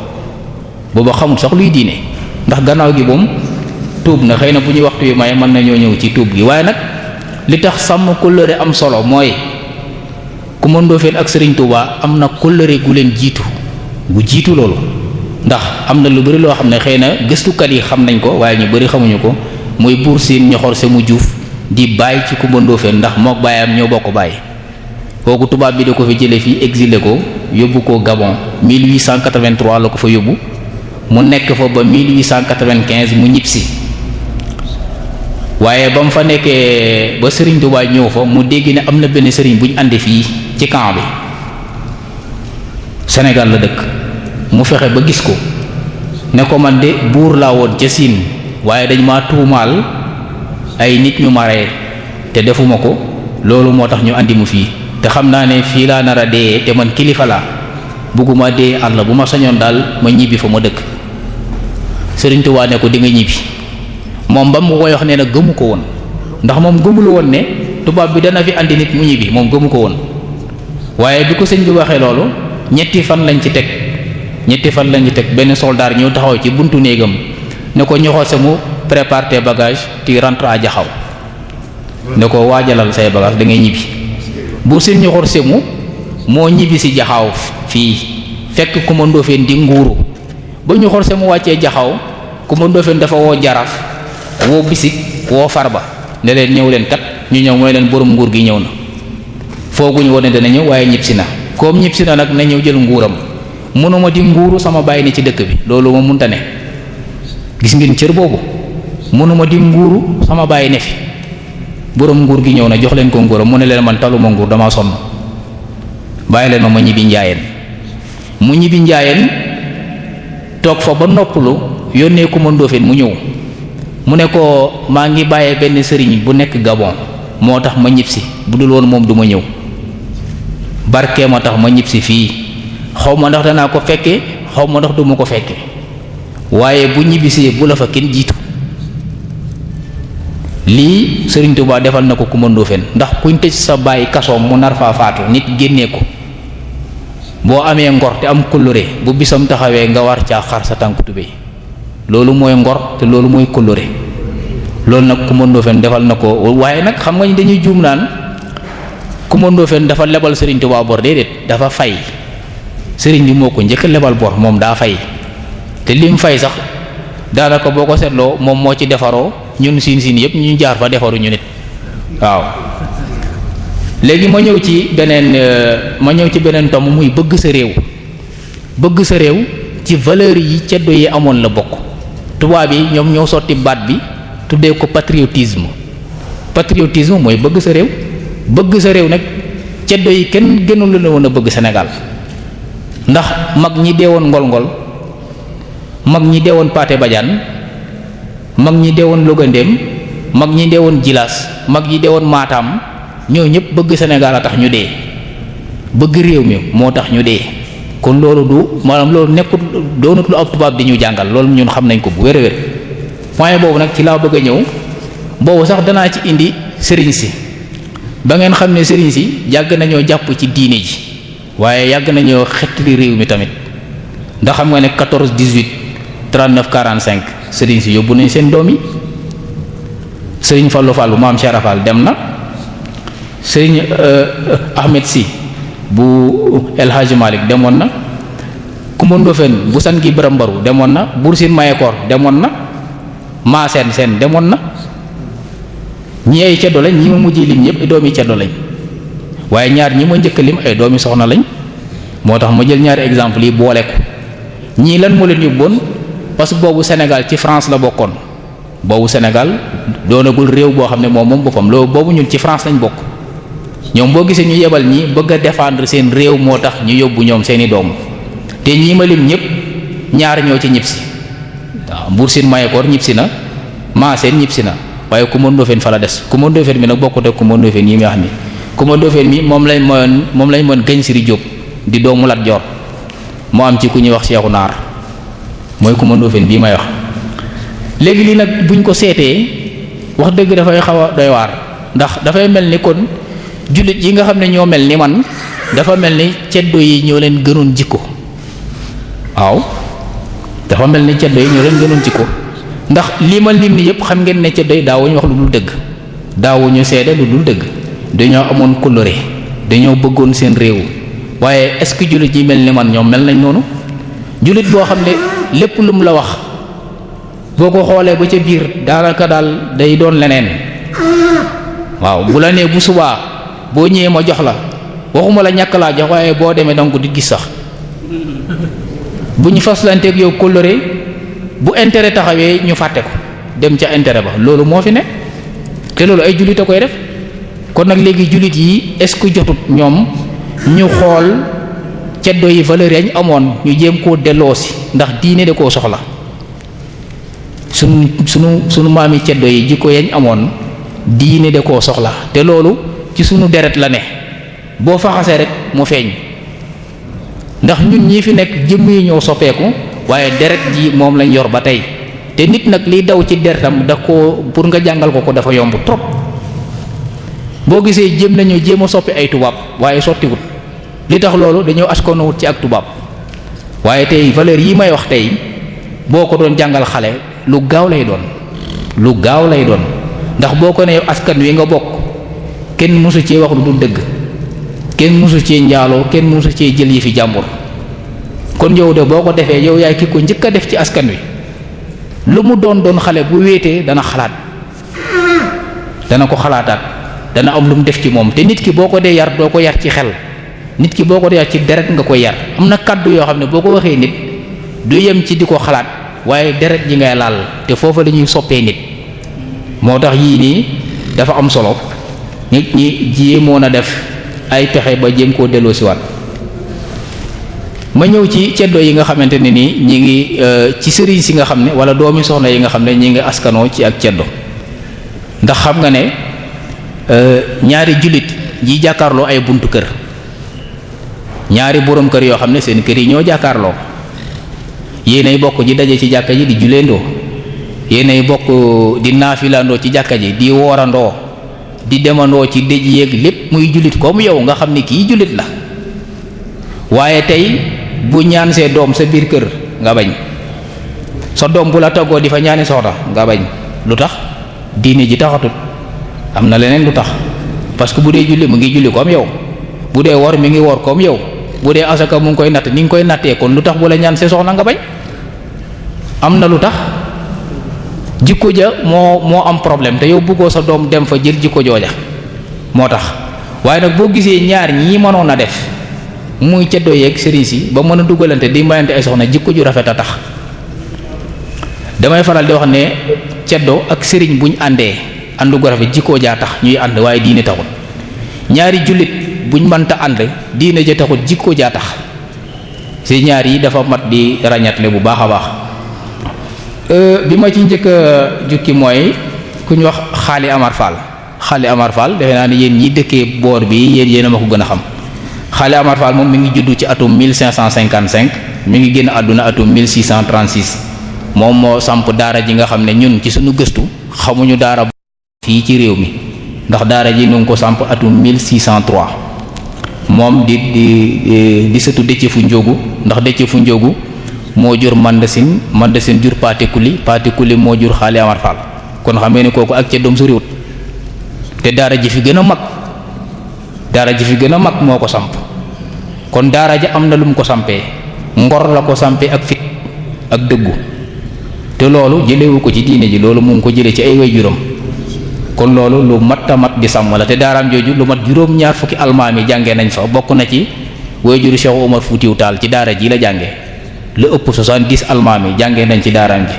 booba xamul sax luy diine ndax gannaaw gi moom tuub na xëy na bu ñuy waxtu yu may mën nañoo ñëw ci tuub gi waaye nag li tax sàmm kóllëre am solo mooy ku mën doo feen ak sëriñ Touba am na kóllëre gu leen jiitu gu jiitu loolu ndax am na lu bari loo xam ne xëy na gëstukat yi xam nañ ko waaye ñu bari xamuñu ko mooy buur seen ñoxor se mu juuf di bàyyi ci Kumba Ndoofeen ndax mook baayam ñoo bokk bàyyi kooku tubaab bi da ko fi jële fii exile ko yóbbu ko Gabon 1883 la ko fa yóbbu mu nekk fa ba 1895 mu ñibbisi waaye ba mu fa nekkee ba sëriñ Serigne Touba ñëw fa mu dégg ne am na benn sëriñ bu ñu àndee fii ci camp bi Sénégal la dëkk mu fexe ba gis ko ne ko man de buur laa woon ca Siin waaye dañ ma tuumaal. ay nit ñu ma rey te defuma ko loolu moo tax ñu àndi mu fii te xam naa ne fii laa nar a dee te man kilifa laa bëgguma dee àll bu ma sañoon daal ma ñibbi fa ma dëkk Sëriñ Tuubaa ne ko di nga ñibbi moom ba mu koy nee na gëmu ko woon ndax moom gëmul woon ne tubaab bi dana fi andi nit mu ñibbi moom gëmu ko woon waaye bi ko sëñ bi waxee loolu ñetti fan lañ ci teg ñetti fan lañ ci teg benn soldaar ñëw taxaw ci buntu néegam ne ko ñoxoose mu prépare bagage bagages tu rentres Jaxaw ne ko waajalal say bagages da ngay ñibbi bu seen xor semu moo ñibbi si Jaxaw fii fekk ku ma ndóofeen di nguuru ba ñu ñoxor semu wàccee Jaxaw ku ma ndóofeen dafa woo jaraaf woo bisik woo farba ne leen ñëw leen kat ñu ñëw mooy leen borom nguur gi ñëw na fooguñu woon ne dana ñëw waaye ñibbisi na comme ñibbisi na nag na ñëw jël nguuram mënuma di nguuru sama bàyyi ni ci dëkk bi loolu ma munta ne gis ngeen cër boobu mënuma di nguuru sama bàyyi ne fi boroom nguur gi ñëw na jox leen ko nguuram mu ne leen man taluma nguur damaa sonn bàyyi leen ma ma ñibbi njaayeen mu ñibbi njaayeen toog fa ba noppalu yónnee ku ma mu ñëw mu ne ko maa ngi bàyyee benn sëriñ bu nekk Gabon moo tax ma ñib bu dul woon moom du ñëw barke ma tax ma ñib si fii xaw ma ndax danaa ko fekke xaw ma ndax du ma ko fekke waaye bu ñibbisee bu la fa kenn jiitu lii Serigne Touba defal na ko ku mën Ndofène ndax kuñ tëj sa baay kasoom mu nar faa faatu nit génnee ko boo amee ngor te am kóllëre bu bisam taxawee nga war caa xar sa tànk tubéy loolu mooy ngor te loolu mooy kóllëre loolu nag ku mën defal na ko waaye nag xam nga dañuy juum naan ku mën Ndofène dafa lebal Serigne Touba dafa fay sëriñ bi moo ko njëkk lebal bor moom daa fay te lim fay sax daanaka boo ko seetloo moom moo ci defaroo. ñun siin siin yëpp ñu jaar fa defaruñu nit waaw léegi ma ñëw ci beneen euh, ma ñëw ci beneen tomb muy bëgg sa réew bëgg sa réew ci valeur yi ceddo yi amoon la bokk tubaab yi ñoom ñoo sotti baat bi tuddee ko patriotisme patriotisme mooy bëgg sa réew bëgg sa réew nag ceddo yi kenn gënul la woon a bëgg senegal ndax mag ñi deewoon ngol-ngol mag ñi deewoon Pathé Badiane mag ñi deewoon Louga Ndem mag ñi dee woon Jilas mag ñi woon maataam ñoo ñëpp bëgg Sénégal a tax ñu dee bëgg réew mi moo tax ñu dee kon loolu du maanaam loolu nekkut doonut lu ab tubaab di ñu jàngal loolu ñun xam nañ ko bu wér-wér point boobu nag ci laa bëgg a ñëw boobu sax danaa ci indi sëriñ si ba ngeen xam ne sëriñ si yàgg nañoo jàpp ci diine ji waaye yàgg nañoo xettali réew mi tamit ndax xam nga ne 14 18 39 45. sëriñ si yóbbu nañ seen doom yi sëriñ Fallou Fall maam Cheikh dem na sëriñ euh, Ahmed si bu El Hadj Malick demoon na Kumba Ndofène bu san gi Biram Mbaru demoon na Buur Sine Mayekoor demoon na maa seen seen demoon na ñi ay ceddo lañ ñi ma mujj lim ñëpp doom yi ceddo lañ waaye ñaar ñi ma njëkk lim ay doomi soxna lañ moo tax ma jël ñaari exemple yi boo ko ñii lan moo leen yóbboon parce que boobu Sénégal ci France la bokkoon boobu Sénégal doonagul réew boo xam ne moom moom boppam loolu boobu ñun ci France lañ bokk ñoom boo gisee ñu yebal ñi bëgg a défendre seen réew moo tax ñu yóbbu ñoom seeni doom te ñii ma lim ñëpp ñaar ñoo ci ñibbsi waaw Mbour Sine Mayakor ñibbsi na maa Maaseen ñibbsi na waaye Kumba Ndofène fa la des Kumba Ndofène mi nag bokkut ak Kumba Ndofène yi muy wax mi Kumba Ndofène mi moom lañ moyoon moom lañ moon Gagny Siri Diop di doomu Lat Dior moo am ku ñuy wax Cheikhou Naar mooy ku ma bii may wax léegi lii nag buñ ko seetee wax dëgg dafay xawa a waar ndax dafay mel ni kon jullit yi nga xam ne ñoo mel ni man dafa mel ni ceddo yi ñoo leen gënoon jikko waaw dafa mel ni ceddo yi ñoo leen gënoon jikko ndax lii ma lim ni yépp xam ngeen ne ceddo yi daawuñu wax lu dul dëgg daawuñu seede lu dul dëgg dañoo amoon coloré dañoo bëggoon seen réew waaye est-ce que jullit yi mel ni man ñoom mel nañ noonu jullit boo xam ne lépp lu la wax boo ko xoolee ba ca biir daanaka daal day doon leneen waaw bu la nee bu subaa boo ñëwee ma jox la waxuma la ñàkk laa jox waaye boo demee danga ko di gis sax bu ñu fas faslanteeg yow coloré bu intérêt taxawee ñu fàtte ko dem ca intere ba loolu moo fi ne te loolu ay jullit a koy def kon nag léegi jullit yi est-ce que jotut ñoom ñu xool. ceddo yi valeur yañ amoon ñu jéem koo delloosi ndax diine de koo soxla sunu sunu sunu maami ceddo yi jikko yañ amoon diine de koo soxla te loolu ci suñu deret la ne boo faxasee rek mu feeñ ndax ñun ñi fi nekk jëm yi ñoo soppeeku waaye deret ji moom lañ yor ba tey te nit nag liy daw ci deretam da ko pour nga jàngal ko ko dafa yomb trop boo gisee jéem nañu jéem a soppi ay tubaab waaye sottiwut li tax loolu dañoo askanawut ci ak tubaab waaye tey valeur yi may wax tey boo ko doon jàngal xale lu gaaw lay doon lu gaaw lay doon ndax boo ko nee askan wi nga bokk kenn mësu cee wax lu dul dëgg kenn mësu cee njaaloo kenn mësu cee jël yi fi jàmbur kon yow de boo ko defee yow yaay ki ko njëkk a def ci askan wi lu mu doon doon xale bu wéetee dana xalaat dana ko xalaataat dana am lu mu def ci moom te nit ki boo ko dee yar doo ko yar ci xel nit ki boo ko yar ci deret nga koy yar am na kàddu yoo xam ne boo ko waxee nit du yem ci di ko xalaat waaye deret ji ngay laal te foofa lañuy soppee nit moo tax yii nii dafa am solo nit ñi jéemoon a def ay pexe ba jéem koo delloosiwaat ma ñëw ci ceddo yi nga xamante ne nii ñi ngi euh, ci sëriñ si nga xam ne wala doomi soxna yi nga xam ne ñi ngi askanoo ci ak ceddo ndax xam nga ne euh, ñaari jullit ji jàkkaarloo ay buntu kër ñaari borom kër yoo xam ne seen kër yi ñoo jàkkaarloo yéenay bokk ji daje ci jàkka ji di juleendoo yéenay bokk di naafilandoo ci jàkka ji di woorandoo di demandoo ci dëj yéeg lépp muy jullit comme yow nga xam ni kii jullit la waaye tey bu ñaan see doom sa biir kër nga bañ sa doom bu la toggoo di fa ñaani soxna nga bañ lu tax diine ji taxatut am na leneen lu tax parce que bu dee julli mu ngi julli koom yow bu dee wor mi ngi wor comme yow bu dee asaka mu ngi koy natt ni ngi koy nattee kon lu tax bu la ñaan sa soxna nga bañ am na lu tax jikko ja moo moo am problème te yow bëggoo sa doom dem fa jël jikko jooja moo tax waaye nag boo gisee ñaar ñi manoon a def muy ceddo yeeg sëriñ si ba mën a dugalante di mayante ay soxna jikko ju rafet a tax damay faral di wax ne ceddo ak sëriñ buñ àndee àndu gu rafet jikkoo jaa tax ñuy ànd waaye diine taxul ñaari jullit buñ mënta ànd diine ja taxut jikko jaa tax si ñaar yi dafa mat di ràññaatle bu baax a baax euh, bi ma ci njëkk a jukki mooy ku ñu wax xaali Amar Fall xaali Amar defe naa ne yéen ñi dëkkee boor bi yéen yéen a ma ko gën a xam xaali Amar Fall moom mi ngi juddu ci atum 1555 mi ngi génn àdduna atum 1636 moom moo samp daara ji nga xam ne ñun ci suñu gëstu xamuñu daara fii ci réew mi ndax daara ji ñu ngi ko samp atum moom di di di sëtu dëcce fu njóogu ndax dëcce fu njóogu moo jur mandasin mandasin jur patikuli patikuli moo jur xaali amar fall kon xam ne kooku ak ca doom soriwut te daara ji fi gën a mag daara ji fi gën a mag moo ko samp kon daara ja am na lu mu ko sampee ngor la ko sampee ak fit ak dëggu te loolu jëlewu ko ci diine ji loolu mu ngi ko jëlee ci ay waajuram kon loolu lu mat a mat di sàmm la te daaraam jooju lu mat juróom-ñaar fukki almaam yi jàngee nañ fa bokk na ci waajuru Cheikh Omar Foutiou taal ci daara ji la jàngee lu ëpp 70 almaam yi jànge nañ ci daaraam ji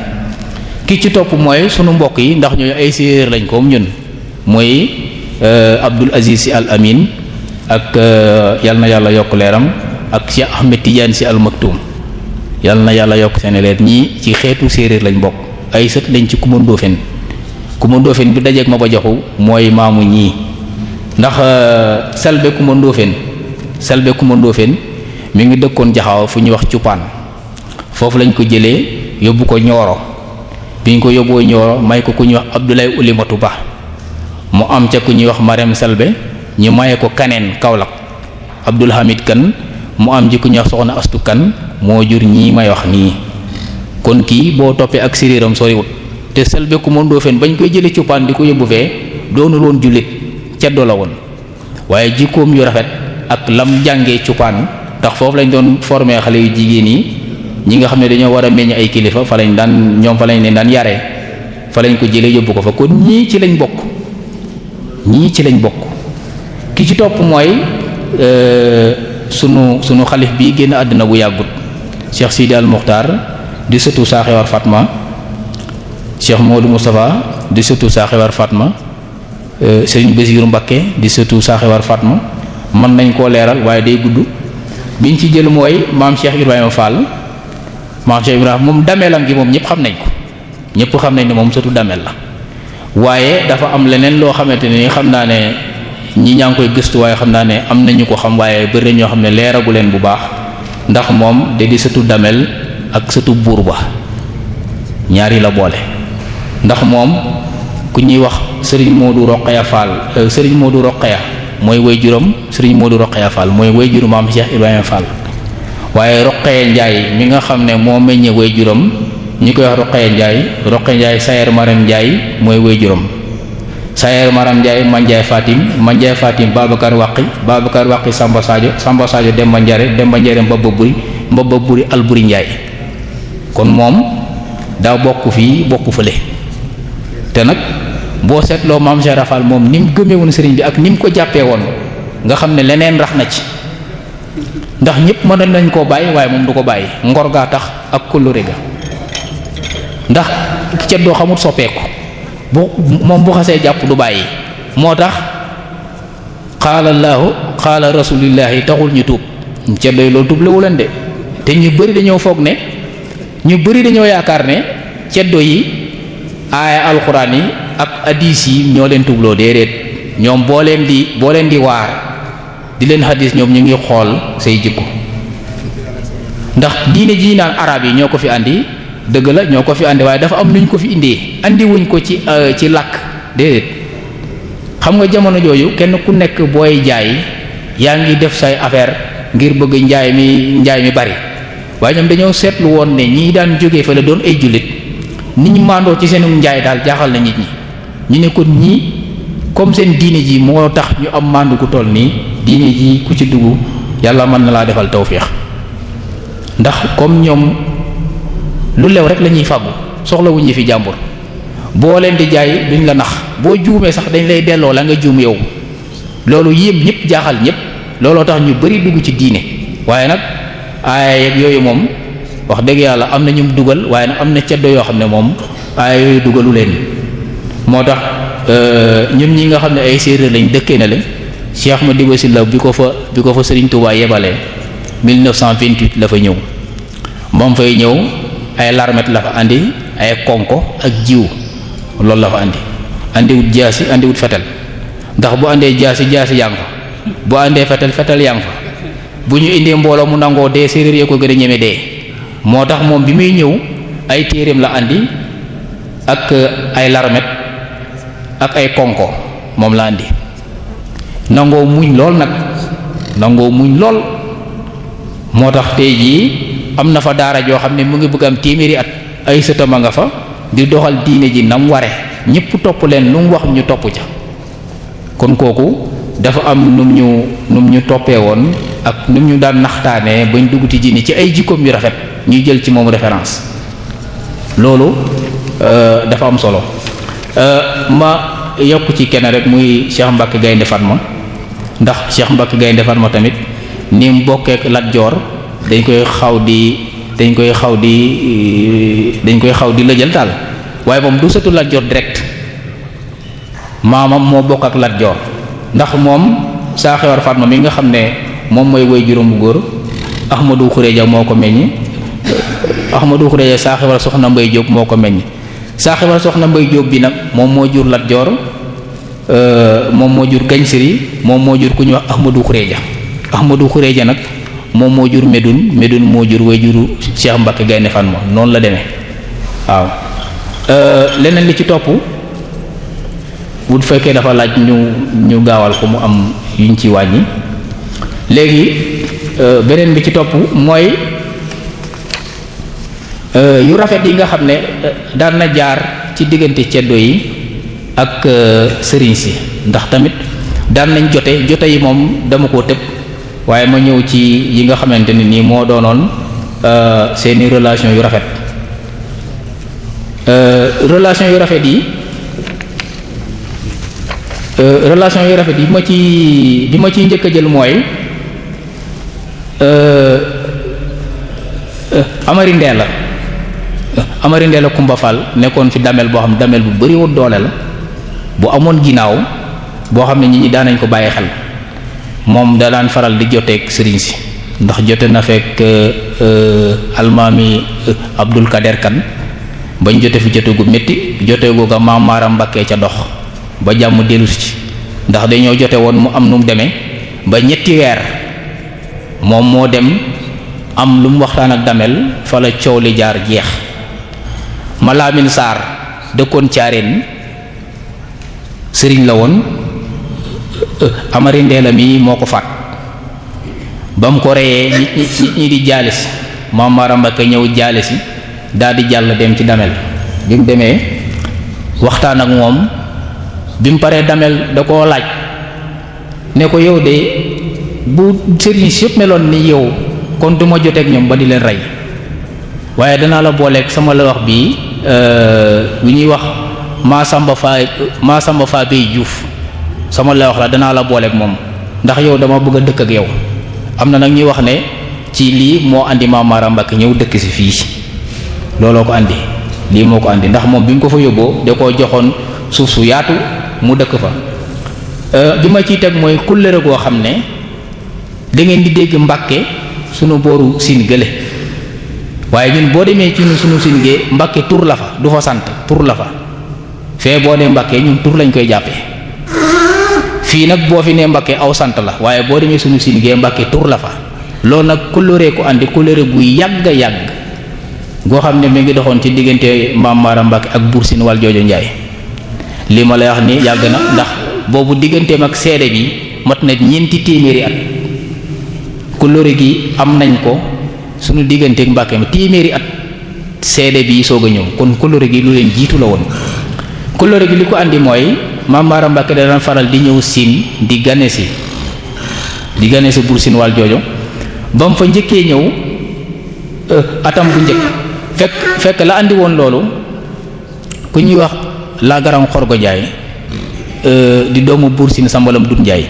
ki ci topp mooy sunu mbokk yi ndax ñooyu ay séeréer lañ koom ñun mooy euh, Abdul Aziz si al Amin ak euh, yal na yàlla yokk leeram ak Cheikh Ahmed Tidiane si al Maktoum yal na yàlla yokk seen leer ñii ci xeetu séeréer lañ bokk ay sët lañ ci kumandoofen kumba ndóofeen bi dajeeg ma ba joxu mooy maamu ñii ndax euh, selbe kumba ndóofeen selbe kumba ndóofeen ngi dëkkoon jaxaw fu ñuy wax cuppaan foofu lañ ko jëlee yóbbu ko ñooro bi ñu ko yóbboo ñooro may ko ku ñuy wax Abdoulaye Oulimatu Ba mu am ca ku ñuy wax Marème Selbe ñu maye ko kaneen Kaolack Abdoul Hamid Kan mu am ji ku ñuy wax Soxna Astu Kan moo jur ñii may wax nii kon kii boo toppee ak siriiram soriwut te Selbé Coumba Ndofène bañ koy jëlee cuppaan di ko yóbbu fee doonul woon jullit ceddo la woon waaye jikkoom yu rafet ak lam jànge cuppaan ndax foofu lañ doon formé xale yu jigéen yi ñi nga xam ne dañoo war a meññ ay kilifa fa lañ daan ñoom fa lañ leen daan yare fa lañ ko jëlee yóbbu ko fa kon ñii ci lañ bokk ñii ci lañ bokk ki ci topp mooy euh, sunu sunu xalif bi génn àddina bu yàggut Cheikh Sidi Al Mukhtar di sëtu Saaxewar Fatma Cheikh Modou Moustapha di sëtu Saaxewar Fatma euh, Serigne Bassirou Mbacké di sëtu Saaxewar Fatma mën nañ koo leeral waaye day gudd biñ ci jël mooy maam Cheikh Ibrahima Fall maam moom dameelam gi moom ñëpp xam nañ ko ñëpp xam nañ ne moom sëtu damel la waaye dafa am leneen loo xamante ni xam naa ne ñi ñaa ngi koy gëstu waaye xam naa ne am nañu ko xam waaye bëri ñoo xam ne leeragu leen bu baax ndax moom da di sëtu damel ak sëtu buur ba ñaari la boole ndax moom ku ñuy wax sëriñ Modou Roqaya Fall euh, sëriñ Modou Roqaya mooy way juróom sëriñ Modou Roqaya Fall mooy way juróom am Cheikh Ibrahima Fall waaye Roqaya Ndiaye mi nga xam ne moo meññee way juróom ñi koy wax Roqaya Ndiaye Roqaya Ndiaye Sayer Maram Ndiaye mooy way juróom Sayer Maram Ndiaye faatim ma Mandiaye Fatim Babacar Waqi Babacar Waqi Samba Sadio Samba Sadio Demba Ndiare Demba Ndiare Mbaba Buri Mbaba Buri Alburi Ndiaye kon moom daa bokk bokk fële. te nag boo seetloo maam Gérafal moom ni mu gëmee woon sëriñ bi ak ni mu ko jàppee woon nga xam ne leneen rax na ci ndax ñëpp mën nañ koo bàyyi waaye moom du ko bàyyi ngor gaa tax ak kóllëre ga ndax ceddoo xamut soppeeku bu moom bu xasee jàpp du bàyyi moo tax qaala llaahu qaala rasulillahi taxul ñu tuub ceddoo yi loolu tuub la wuleen de te ñu bëri dañoo foog ne ñu bëri dañoo yaakaar ne ceddoo yi aaya alxuraan yi ak hadis yi ñoo leen tubloo déedéet ñoom boo leen di boo leen di waar di leen hadis ñoom ñu ngi xool say jikko ndax diine ji naan arab yi ñoo ko fi andi dëgg la ñoo ko fi andi waaye dafa am lu ñu ko fi indee andi ko ci euh, ci làkk déedéet xam nga jamono jooju kenn ku nekk booy jaay yaa ngi def say affaire ngir bëgg njaay mi njaay mi bari waaye ñoom dañoo seetlu woon ne ñi daan jóge fa la doon ay jullit nit ñi màndoo ci seenum njaay daal jaaxal na nit ñi ñu ne kon ñii comme seen diine ji moo tax ñu am maandu ku toll nii diine ji ku ci dugg yàlla mën na laa defal tawféex ndax comme ñoom lu lew rek lañuy ñuy soxlawuñ ñi fi jàmbur boo leen di jaay duñ la nax boo juumee sax dañ lay delloo la nga juum yow loolu yéem ñëpp jaaxal ñëpp looloo tax ñu bari dugg ci diine waaye nag aaya yeeg yooyu moom wax dëgg yàlla am na ñu mu dugal waaye nag am na ceddo yoo xam ne moom aaya dugalu leen moo tax euh, ñoom ñi nga xam ne ay séeréer lañ dëkkee na le Cheikh Madiba Sylla bi ko fa bi ko fa Serigne Touba yebalee 1928 la fa ñëw moom fay ñëw ay larmet la fa andi ay konko ak jiw loolu la fa andi andiwut jaasi andiwut fetal ndax bu indee jaasi jaasi yaa ngi fa bu andee fetal fetal yaa ngi fa bu ñu indee mbooloo mu nangoo dee séeréer yee ko gën a ñeme dee moo tax moom bi muy ñëw ay téereem la andi ak euh, ay larmet ak ay konko moom la andi nangoo muñ lool nag nangoo muñ lool moo tax tey jii am na fa daara joo xam ne mu ngi bëgg am téeméeri at ay sëtam a nga fa di doxal diine ji nam ware ñépp topp leen lu mu wax ñu topp ca kon kooku dafa am num ñu num ñu toppee woon ak num ñu daan naxtaanee bañ dugg ci diine ci ay jikkoom yu rafet ñuy jël ci moom référence loolu euh, dafa am solo euh, ma yokk ci kenn rek muy Cheikh Mbacke Gaynde ma ndax Cheikh Mbacke Gaynde ma tamit ni mu bokkeek Lat Joor dañ koy xaw di dañ koy xaw di euh, dañ koy xaw di lëjal daal waaye moom du sëtu Lat Joor direct maamam moo bokk ak Lat Joor ndax moom saa xewar Fatma mi nga xam ne moom mooy woy juróom bu góor Ahmadou Xureja moo ko meññ Ahmadou Khoureye Cheikh Ibra Soxna mbay jóob moo ko meññ Cheikh Ibra Soxna mbay Diop bi nag moom moo jur Lat Joor euh, moom moo jur Gañ Siri moom moo jur ku ñuy wax Ahmadou Khoureye Ahmadou Khoureye nag moom moo jur Médoune Médoune moo jur way juru Cheikh Mbacke fan moom noonu la deme waaw euh, leneen li ci topp bu fekkee dafa laaj ñu ñu gaawal ko mu am yuñ ci wàññi léegi euh, beneen bi ci topp mooy Euh, yu rafet yi nga xam ne euh, daan na jaar ci diggante ceddo yi ak euh, sëriñ si ndax tamit daan nañ jote jote yi moom dama koo tëb waaye ma ñëw ci yi nga xamante ne nii moo doonoon seeni relation yu rafet relation yu rafet yi relation yu rafet yi ma ci bi ma ciy njëkk a jël mooy amari ndee la Amari Ndella Kumba Fall nekkoon fi damel boo xam damel bu bari woon doole la bu amoon ginnaaw boo xam ne nit ñi daanañ ko bàyyi xel moom da daan faral di joteeg sëriñ si ndax jote na fekk euh, euh, almaami euh, Abdul Kader Kan bañ jote fi jote gu métti jote googa maam Maaram Mbakke ca dox ba jàmm dellusi ci ndax dañoo jote woon mu am nu mu demee ba ñetti weer moom moo dem am lu mu waxtaan ak damel fa la coow li jaar jeex ma laamin saar dëkkoon caareen sëriñ la woon euh, amari ndeelam yi moo ko faat ba mu ko reyee nit nit ñi di jaalisi maam Maram ñëw jaalisi daal di jàll dem ci damel bi mu demee waxtaan ak moom bi mu paree damel da koo laaj ne ko yow de bu sëriñ si yëpp meloon ni yow kon du ma joteeg ñoom ba di leen rey waaye danaa la booleeg sama la wax bii bu euh, ñuy wax Massamba Faye Massamba Faye bay Diouf sama la wax la danaa la booleek moom ndax yow dama bëgg a dëkk ak yow am na nag ñuy wax ne ci lii moo indi Maam Mara Mbacké ñëw dëkk si fii looloo ko andi lii moo ko indi ndax moom bi mu ko fa yóbboo de koo joxoon suuf su yaatu mu dëkk fa li euh, ma ciy teg mooy kullëre goo xam ne da ngeen di dégg Mbacké sunu booru siin gële waaye ñun boo demee ci sunu sin gee Mbàkke tur la fa du fa sant tur la fa fee boo nee Mbàkke ñun tur lañ koy jàppe fii nag boo fi nee Mbàkke aw sant la waaye boo demee sunu sin gee Mbàkke tur la fa loolu nag coloré ko indi coloré bu yàgg a goo xam ne mi ngi doxoon ci diggante Maam Maaram Mbàkke ak Buur Siin Wal Joojo Njaay li ma lay wax ni yàgg na ndax boobu digganteem ak seede bi mat na ñeenti téeméeri at coloré gi am nañ ko suñu digganteek Mbàkke ma téeméeri at seede bi soog a ñëw kon kóllëre gi lu leen jiitu la woon kóllëre gi li ko àndi mooy Maam Mara Mbàkke faral di ñëw siin di gane si di gane si Buur Siin Waal joojo ba mu fa njëkkee ñëw eh, atam bu njëkk fekk la àndi woon loolu ku ñuy wax la garam xorgo jaay eh, di doomu Buur Siin sambalam dut jaay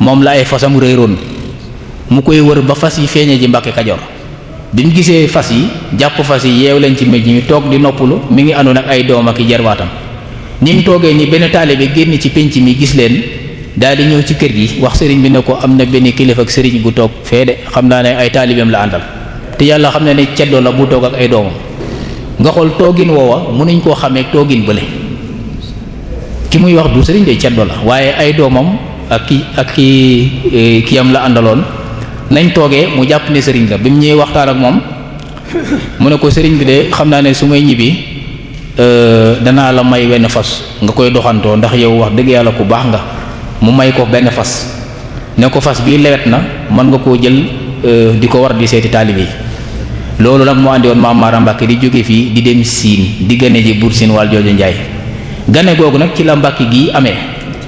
moom la ay fasam réeroon mu koy wër ba fas yi feeñee ji Mbàkke Kajoor bi mu gisee fas yi jàpp fas yi yeew leen ci mbéj mi toog di noppalu mi ngi àndoon ak ay doom ak i jarwaatam ni mu toogee ni benn taalibe génn ci pénc mi gis leen daal di ñëw ci kër gi wax sëriñ bi ne ko am na benn kilifa ak sëriñ bu toog fee de xam naa ne ay taalibeem la àndal te yàlla xam na ne ceddoo la bu toog ak ay doomam nga xool toogin woowa mënuñ koo xamee toogin bële ki muy wax du sëriñ de ceddoo la waaye ay doomam ak ki ak ki eh, kiyam la nañ toogee mu jàpp ne sëriñ la bi mu ñëwee waxtaan ak moom mu ne ko sëriñ bi de xam naa ne su may ñibbi euh, danaa la may wenn fas nga koy doxantoo ndax yow wax dëgg yàlla ko baax nga mu may ko benn fas ne ko fas bii lewet na mën nga koo jël euh, di ko war di seeti taalibe yi loolu nag moo andi woon maam Mara Mbacke di jóge fii di dem siin di gane ji buur siin wàll jooju njaay gane googu nag ci la Mbacke gii amee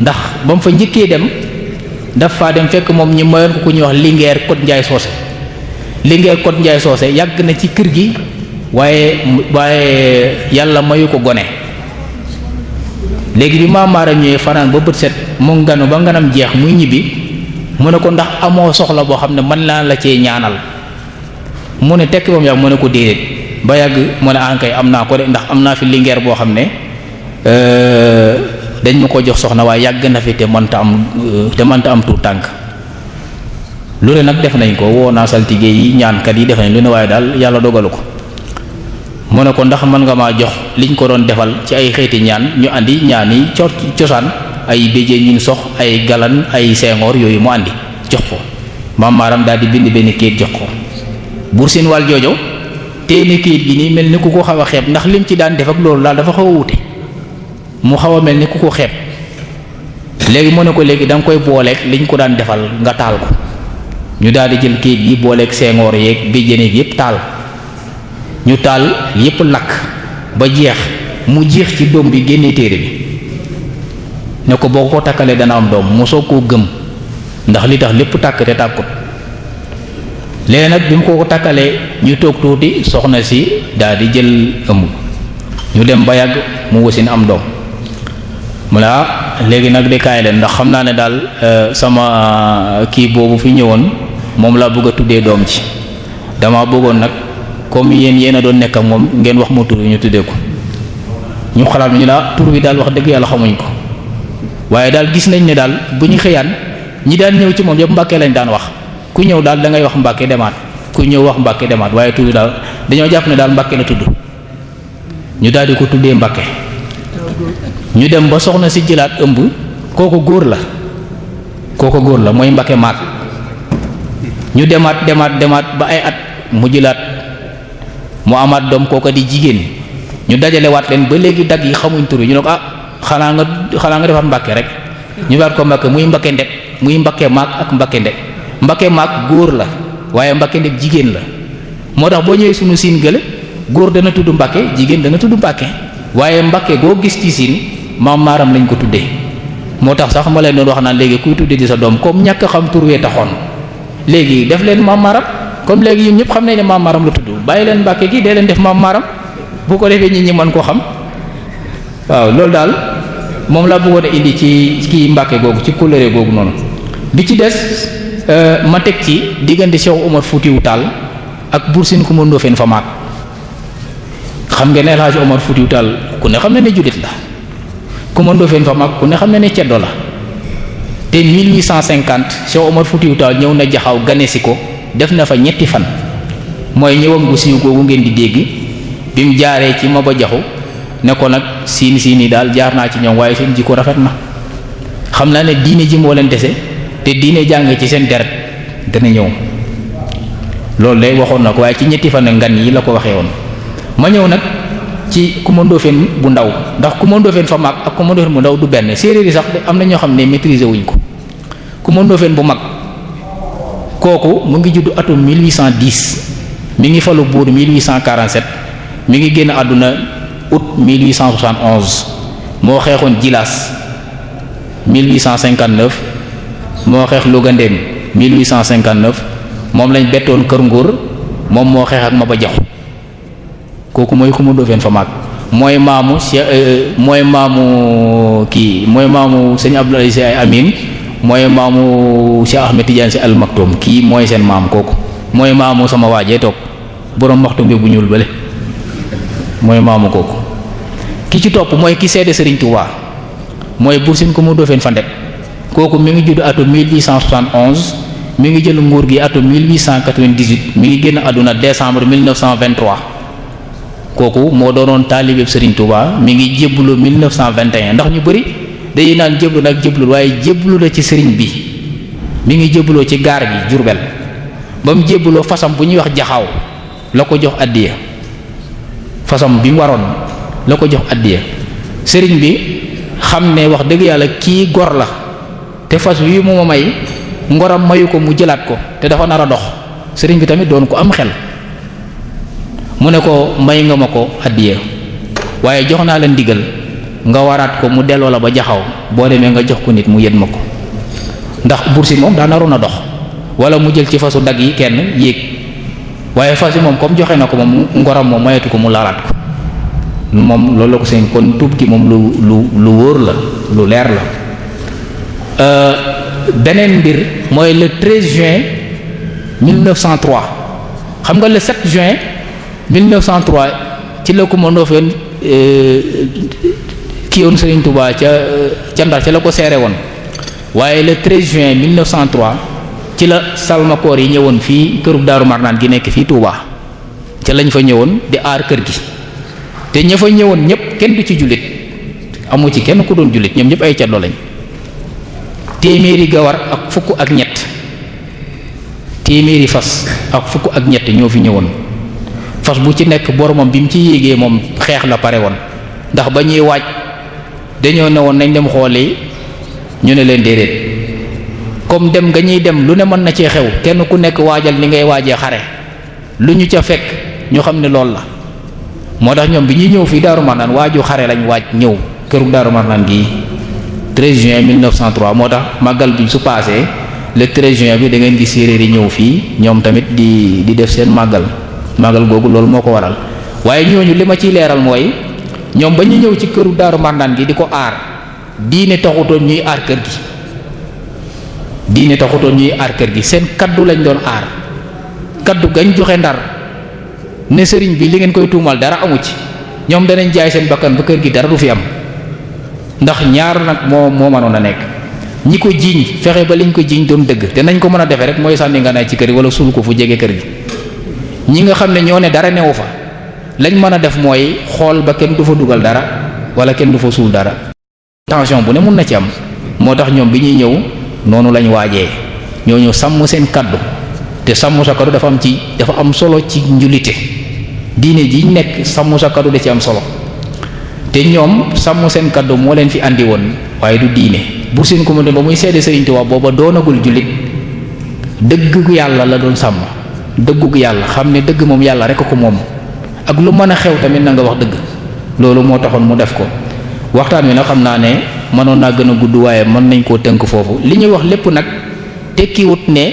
ndax ba mu fa njëkkee dem daf faa dem fekk moom ñi mayoon ko ku ñuy wax Linguère Code Ndiaye Socé Linguère Code Ndiaye soose yàgg na ci kër gi waaye waaye yàlla mayu ko gone léegi bi maamaara ñëwee fanaan ba bët set mu nganu ba nganam jeex muy ñibbi mu ne ko ndax amoo soxla boo xam ne man naa la cee ñaanal mu ne tekk bam yàgg mu ne ko déedéet ba yàgg mu ne ankay ah am naa ko de ndax am naa fi Linguère boo xam ne euh, dañ ma ko jox soxna waaye yàgg na fi te mënta am euh, te mënta am tuut tànk lu ne nag def nañ ko woo naa saltige yi ñaankat yi def nañ lu ne waaye daal yàlla dogalu ko mu ne ko ndax mën nga maa jox liñ ko doon defal ci ay xeeti ñaan ñu àndi ñaani yi cosaan ay béjee ñun sox ay galan ay seengoor yooyu mu andi jox ko maam maaram daal di bind benn kayit jox ko buur seen wàll joojo téene kayit gi nii mel ni ku ko xaw a xeeb ndax lim ci daan def ak loolu daal dafa xaw a wuute mu xaw a mel ni ku ko xeeb léegi mu ne ko léegi danga nga koy booleeg liñ ko daan defal nga taal ko ñu daal di jël kayit gi booleeg seengoor yeeg béjjéneeg yépp taal ñu taal yépp lakk ba jeex mu jeex ci doom bi génne téere bi ne ko boo ko takkalee dana am doom mu koo gëm ndax li tax lépp tàkk te tàkkut léegi nag bi mu ko takkalee ñu toog tuuti soxna si daal di jël ëmb ñu dem ba yàgg mu wasin am doom mu ne ah léegi nag de kaay leen ndax xam naa ne daal euh, sama euh, kii boobu fi ñëwoon moom laa bëgg a tuddee doom ci dama bëggoon nag comme yéen yéen a doon nekk moom ngeen wax mu tur ñu tuddee ko ñu xalaat ñu la ah, tur bi daal wax dëgg yàlla xamuñ ko waaye daal gis nañ ne daal bu ñu xëyaan ñi daan ñëw ci moom yëpp mbàkkee lañ daan wax ku ñëw daal dangay wax mbàkkee demaan ku ñëw wax mbàkkee demaat waaye tur bi daal dañoo jàpp ne daal mbàkkee la tudd ñu daal di ko tuddee mbàkkee ñu dem ba soxna si jëlaat ëmb kooku góor la kooku góor la mooy mbake maag ñu demaat demaat demaat ba ay at mu jëlaat mu amaat doom kooku di jigéen ñu dajalewaat leen ba léegi dagg yi xamuñ turu ñu ne ko ah xanaa nga xanaa nga defaat mbake rek ñu baat ko mbake muy mbake ndek muy mbakke maag ak mbake ndek mbake maag góor la waaye mbake ndek jigéen la moo tax boo ñëwee sunu siin gële góor dana tudd mbake jigéen dana tudd mbake waaye Mbàkke goo gis ci siin maam maaram lañ ko tuddee moo tax sax ma leen doon wax naan léegi kuy tuddee di sa doom comme ñàkk xam tur wee taxoon léegi def leen maam maaram comme léegi yéen ñëpp xam nañ ne maam maaram la tudd bàyyi leen Mbàkke gi dee leen def maam maaram bu ko defee nit ñi mën koo xam waaw loolu daal moom laa bëggoon a indi ci kii Mbàkke googu ci couleur googu noonu bi ci des euh, ma teg ci diggante Cheikh Omar Foutiou Tall ak Bour Sine Coumba Ndoffène Famaat xam ngeen El Hadj Omar Foutiou Tall ku ne xam na ne jullit la ku ma Ndofène fa mag ku ne xam ne ne ceddo la te 1850 Cheikh Omar Foutiou Tall ñëw na jaxaw ganesi ko def na fa ñetti fan mooy ñëwam gu siiw googu ngeen di dégg bi mu jaaree ci Maba Jaxu ne ko nag siin siin yi daal jaar naa ci ñoom waaye ji ko rafet na xam naa ne diine ji moo leen dese te diine jàng ci seen deret dana ñëw loolu day waxoon na ko waaye ci ñetti fan ngan yi la ko waxee woon ma ñëw nag ci ku ma ndóofeen bu ndaw ndax ku ma ndóofeen fa mag ak ku ma ndóofeen bu ndaw du benn séeréer sax sax am na ñoo xam ne maîtriser wuñ ko ku ma ndóofeen bu mag kooku mu ngi judd atum 1810 mi ngi falu buur 1847 mi ngi génn àdduna août 1871 moo xeexoon Jilas 1859 moo xeex Louga Ndem 1859 moom lañ bettoon Kër Nguur moom moo xeex ak ba Jaxu kooku mooy xumandoo fen fa maag mooy maamu Cheikh euh, euh, mooy maamu kii mooy maamu sëñ Abdoulaye si ay amin mooy maamu Cheikh Ahmed Tidiane si al kii mooy seen maam kooku mooy maamu sama waajee toog borom waxtu bi bu ñuul bële mooy maamu kooku ki ci topp mooy ki seede Serigne Touba mooy bursin ko mu dofeen fa ndek kooku mi ngi judd atum 1871 mi ngi jël nguur gi atum 1898 ngi génn àdduna décembre kooku moo doonoon taalibeeb Serigne Touba mi ngi jébbalu 1921 ndax ñu bëri dañuy naan jébbalu nag jébbalul waaye jébbalu ci Serigne bi mi ngi jébbaloo ci gaar bi Jurbel ba mu jébbaloo fasam bu ñuy wax jaxaw la ko jox addiya fasam bi mu waroon la ko jox addiya Serigne bi xam ne wax dëgg yàlla kii gor la te fas wi mu ma may ngoram mayu ko mu jëlaat ko te dafa nar a dox Serigne bi tamit doon ko am xel. mu ne ko may nga ma ko addiya waaye jox naa la ndigal nga waraat ko mu delloo la ba jaxaw boo demee nga jox ko nit mu yët ma ko ndax si moom daa naroon a dox wala mu jël ci fasu dag yi kenn yéeg waaye fas yi moom comme joxe na ko moom ngoram moom mayatu ko mu lalaat ko moom loolu la ko seen kon tuub gi moom lu lu lu wóor la lu leer la euh, beneen mbir mooy le 13 juin 1903 xam nga le 7 juin. 1903 ci la ko ma Ndofeen euh, kii woon Serigne ca euh, ca Ndar ca la ko seere woon waaye le 13 juin 1903 ci la salmakoor yi ñëwoon fii kërub Daaru Marnaan gi nekk fii Touba ca lañ fa ñëwoon di aar kër gi te ña ñëwoon ñëpp kenn du ci jullit amu ci kenn ku doon jullit ñoom ñëpp ay caddo lañ téeméeri gawar ak fukk ak ñett téeméeri fas ak fukk ak ñett ñoo fi ñëwoon. fas bu ci nekk boromam bi mu ci yéegee moom xeex la pare woon ndax ba ñuy waaj dañoo ne woon nañ dem xooli ñu ne leen déedéet comme dem nga ñuy dem lu ne mën na cee xew kenn ku nekk waajal ni ngay waajee xare lu ñu ca fekk ñu xam ne loolu la moo tax ñoom bi ñuy ñëw fii Daaru Marnaan waaju xare lañ waaj ñëw këru Daaru Marnaan gi 13 juin 1903 moo tax màggal bi su paasee le 13 juin bi da ngeen gis séeréer yi ñëw fii ñoom tamit di di def seen màggal màggal googu loolu moo ko waral waaye ñooñu li ma ciy leeral mooy ñoom ba ñu ñëw ci këru daaru màndaan gi di ko aar diine taxutoon ñuy aar kër gi diine taxutoon kër gi seen kaddu lañ doon aar kaddu gañ joxe ndar ne sëriñ bi li ngeen koy tuumal dara amu ci ñoom danañ jaay seen bakkan ba kër gi dara du fi am ndax ñaar nag moo moo manoon a nekk ñi ko jiiñ fexe ba liñ ko jiiñ doon dëgg te nañ ko mën a defe rek mooy sànni nga nay ci kër gi wala suul ko fu jege kër gi ñi nga xam ne ñoo ne dara newu fa lañ mën a def mooy xool ba kenn du fa dugal dara wala kenn du fa suul dara tension bu ne mun na ci am moo tax ñoom bi ñuy ñëw noonu lañ waajee ñoo ñëw sàmm seen kaddu te sàmm sa kaddu dafa ci dafa am solo ci njulite diine ji nekk sàmm sa kaddu da ci am solo te ñoom sàmm seen kaddu moo leen fi andi woon waaye du diine bu seen ko ba muy seede Sëriñ Tuubaa booba doonagul jullit dëgg yàlla la doon sàmm dëggug yàlla xam ne dëgg moom yàlla rekk ko moom ak lu mën a xew tamit na nga wax dëgg loolu moo taxoon mu def ko waxtaan wi nag xam naa ne mënoon naa gën a gudd waaye mën nañ koo tënk foofu li ñuy wax lépp nag tekkiwut ne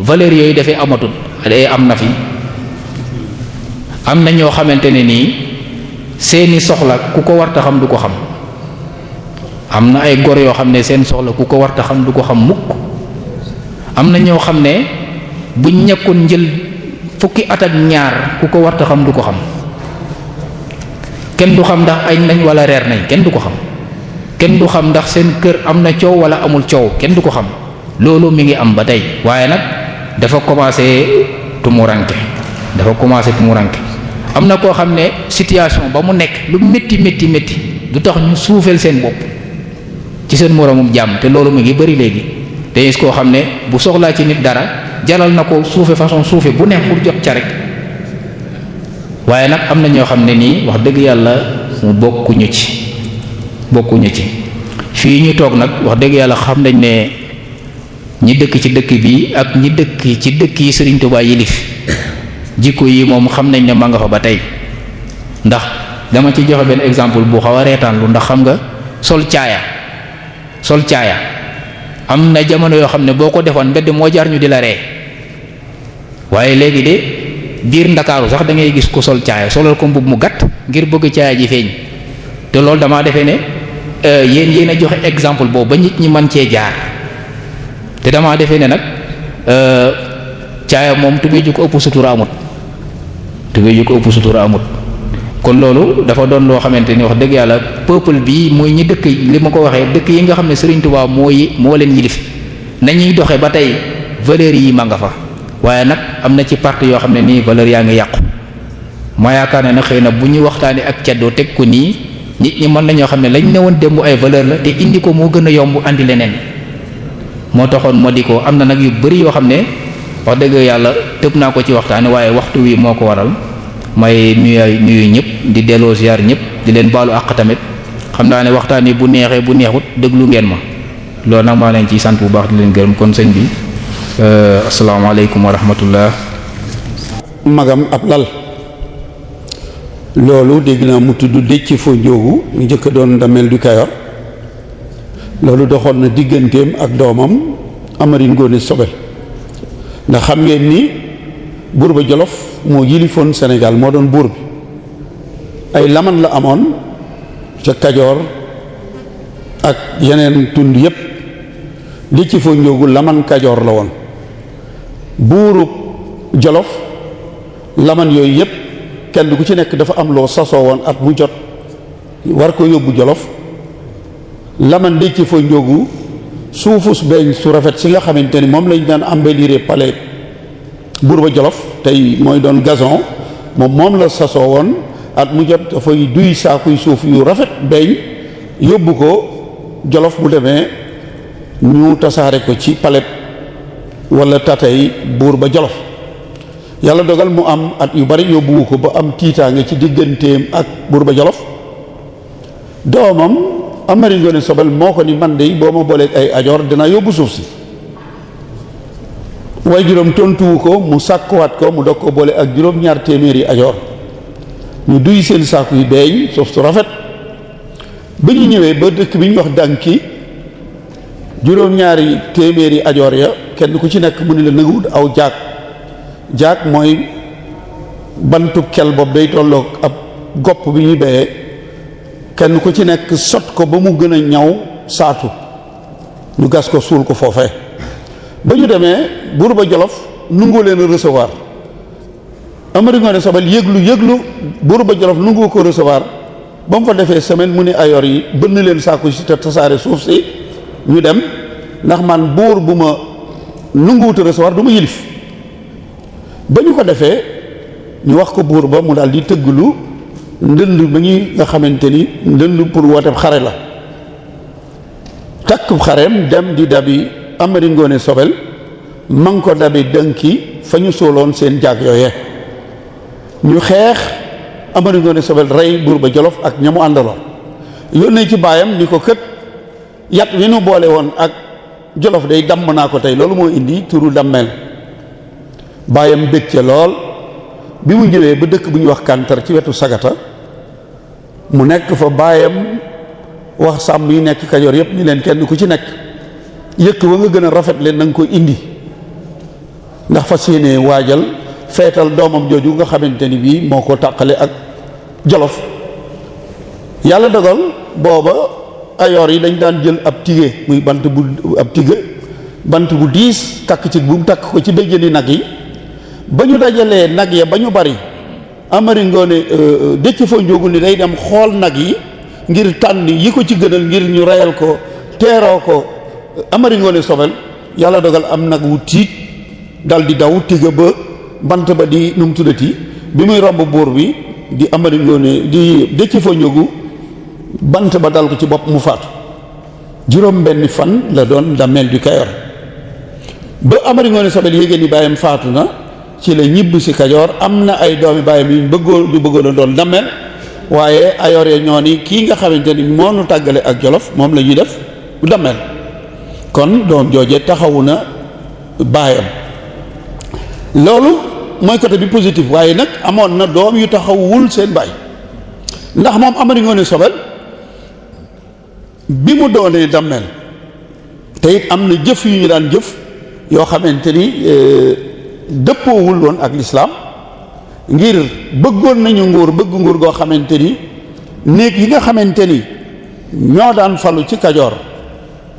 valeurs yooyu dafay amatul day am na fi am na ñoo xamante ne nii seeni soxla ku ko warta du ko xam am na ay gor yoo xam ne seen soxla ku ko warta xam du ko xam mukk am na ñoo xam ne bu nekkoon njël fukki at ak ñaar ku ko warta xam du ko xam kenn du xam ndax añ nañ wala reer nañ kenn du ko xam kenn du xam ndax seen kër am na coow wala amul coow kenn du ko xam loolu mi ngi am ba tey waaye nag dafa commencé tumuranke dafa commencé tumuranke am na koo xam ne situation ba mu nekk lu métti métti métti du tax ñu suufeel seen bopp ci seen moromum jàmm te loolu mu ngi bëri léegi te gis koo xam ne bu soxlaa ci nit dara jalal na ko suufe façon suufe bu neex pour jot ca rek waaye nag am na ñoo xam ne nii wax dëgg yàlla mu bokkuñu ci bokkuñu ci fii ñu toog nag wax dëgg yàlla xam nañ ne ñi dëkk ci dëkk bi ak ñi dëkk ci dëkk yi Serigne Touba yilif jikko yi moom xam nañ ne ma nga fa ba tey ndax dama ci joxe benn exemple bu xaw a reetaan lu ndax xam nga sol caaya sol caaya am na jamono yoo xam ne boo ko defoon mbedd moo jaar ñu di la ree waaye léegi de biir ndakaaru sax dangay gis ko sol caaya solal ko mbub mu gàtt ngir bëgg caaya ji feeñ te loolu damaa defee ne euh, yéen yéen a joxe exemple boobu ba nit ñi man cee jaar te damaa defee ne nag euh, caaya moom tubéy ju ko ëpp sutura amut tubéy ju ko ëpp sutura amut kon loolu dafa doon loo xamante ni wax dëgg yàlla peuple bi mooy ñi dëkk li ma ko waxee dëkk yi nga xam ne Serigne Touba moo yi moo leen yilif nañuy doxee ba tey valeurs yii ma nga fa waaye nag am na ci parti yoo xam ne nii valeurs yaa ngi yàqu ma yaakaar ne na xëy na bu ñu waxtaanee ak ceddoo teg ko nii nit ñi mën nañoo xam ne lañ ne woon démb ay valeur la te indi ko moo gën a yomb indi leneen moo taxoon ma di ko am na nag yu bari yoo xam ne wax dëgg yàlla tëb naa ko ci waxtaane waaye waxtu wi moo ko waral may nuyu nuyu ñëpp di delloo ziar ñëpp di leen baalu àq tamit xam naa ne waxtaan yi bu neexee bu neexut déglu ngeen ma loolu nag maa leen ci sant bu baax di leen gërëm kon seen bi euh, asalaamaaleykum wa rahmatullah magam ab lal loolu dégg naa mu tudd décc fa njóogu njëkk doon ndamel du Kayor loolu doxoon na digganteem ak doomam Amari Ngoone Sobel ndax xam ngeen ni buur ba jolof moo yilifoon Sénégal moo doon buur bi ay laman la amoon ca Kajoor ak yeneen tund yépp li ci fa laman Kajoor la woon buuru jolof laman yooyu yépp kenn ku ci nekk dafa am loo sasoo woon at mu jot war ko yóbbu jolof laman di ci fa njóogu suufus su rafet si nga xamante ni moom lañ daan ambelire palais buur ba Jolof tey mooy doon gazon moom moom la sasoo woon at mu jot dafay duy saakuy suuf yu rafet beeñ yóbbu ko Jolof bu demee ñu tasaare ko ci palette wala buur ba Jolof yàlla dogal mu am at yu bari yóbbu ko ba am tiitaange ci digganteem ak buur ba Jolof doomam Amari Ngoone Sobel moo ko ni man de boo ma booleeg ay ajoor dinaa yóbbu suuf si way juróom tontuwu ko mu sàkkuwaat ko mu dog ko boole ak juróom-ñaar téeméeri ajoor ñu duy seen saaku yu beeñ soof su rafet ba ñu ñëwee ba dëkk bi ñu wax dànki juróom-ñaari téeméeri ajoor ya kenn ku ci nekk mu ni la nanga aw jaag jaag mooy bantu kel boobu day tolloog ab gopp bi ñuy beyee kenn ku ci nekk sot ko ba mu gën a ñaw saatu ñu gas ko suul ko foofee ba ñu demee buur ba jolof nungoo leen recevoir Amari Ngoone Sobel yëglu yëglu buur ba jolof nungu ko recevoir ba mu fa defee semaine mu ni ayoor yi bënn leen saaku si te tasaare suuf si ñu dem ndax man buur bu ma nunguwuta recevoir du ma yilif ba ñu ko defee ñu wax ko buur ba mu daal di tëgglu ndënd ba ñuy nga xamante ni ndënd pour woote xare la takk xareem dem di dabi Amari Ngoone Sobel ma ngi ko dabi dënki fa ñu sóoloon seen jaag yooye ñu xeex Amari Ngoone Sobel rey buur ba Jolof ak ñamu àndaloon yónnee ci baayam ni ko kët yat wi nu boole woon ak Jolof day damm naa ko tey loolu moo indi turu dammeel baayam bég ca lool bi mu ñëwee ba dëkk bu ñuy wax Kantar ci wetu Sagata mu nekk fa baayam wax sàmm yi nekk Kajoor yépp ni leen kenn ku ci nekk yëkk wa nga gën a rafet leen na nga koy indi ndax fas yéene waajal feetal doomam jooju nga xamante ni bii moo ko tàqale ak jolof yàlla dogal booba ayoor yi dañ daan jël ab tige muy bant bu ab tige bant bu diis takk ci bu mu takk ko ci béjjëni nag yi ba ñu dajalee nag ya ba ñu bari amari ngoone euh, euh, dëcc fa njógu ni day dem xool nag yi ngir tànn yi ko ci gënal ngir ñu reyal ko teeroo ko amari ngoone sobel yàlla dogal am nag wu tiit dal di daw tiga ba bant ba di nu mu tuddati bi muy romb buur bi di amari ngoone di dëcc fa bant ba dal ko ci bopp mu faatu juróom benn fan la doon damel bi Kayor ba amari ngoone sobel yéegéen ni bàyyam faatu na ci la ñibb si Kajoor am na ay doomi bàyyam yu bëggoon yu bëggoon doon damel waaye ayoor ya ñoo ni kii nga xamante ni moo nu tàggale ak jolof moom la ñuy def damel kon doom jooje taxawu na baayam loolu mooy côté bi positif waaye nag amoon na doom yu taxawul seen baay ndax moom Amari Ngoone Sobel bi mu doonee dammel te am na jëf yu ñu daan jëf yoo xamante ni euh, dëppoowul woon ak lislaam ngir bëggoon nañu nguur bëgg nguur goo xamante ni néeg yi nga xamante ni ñoo daan falu ci Kajoor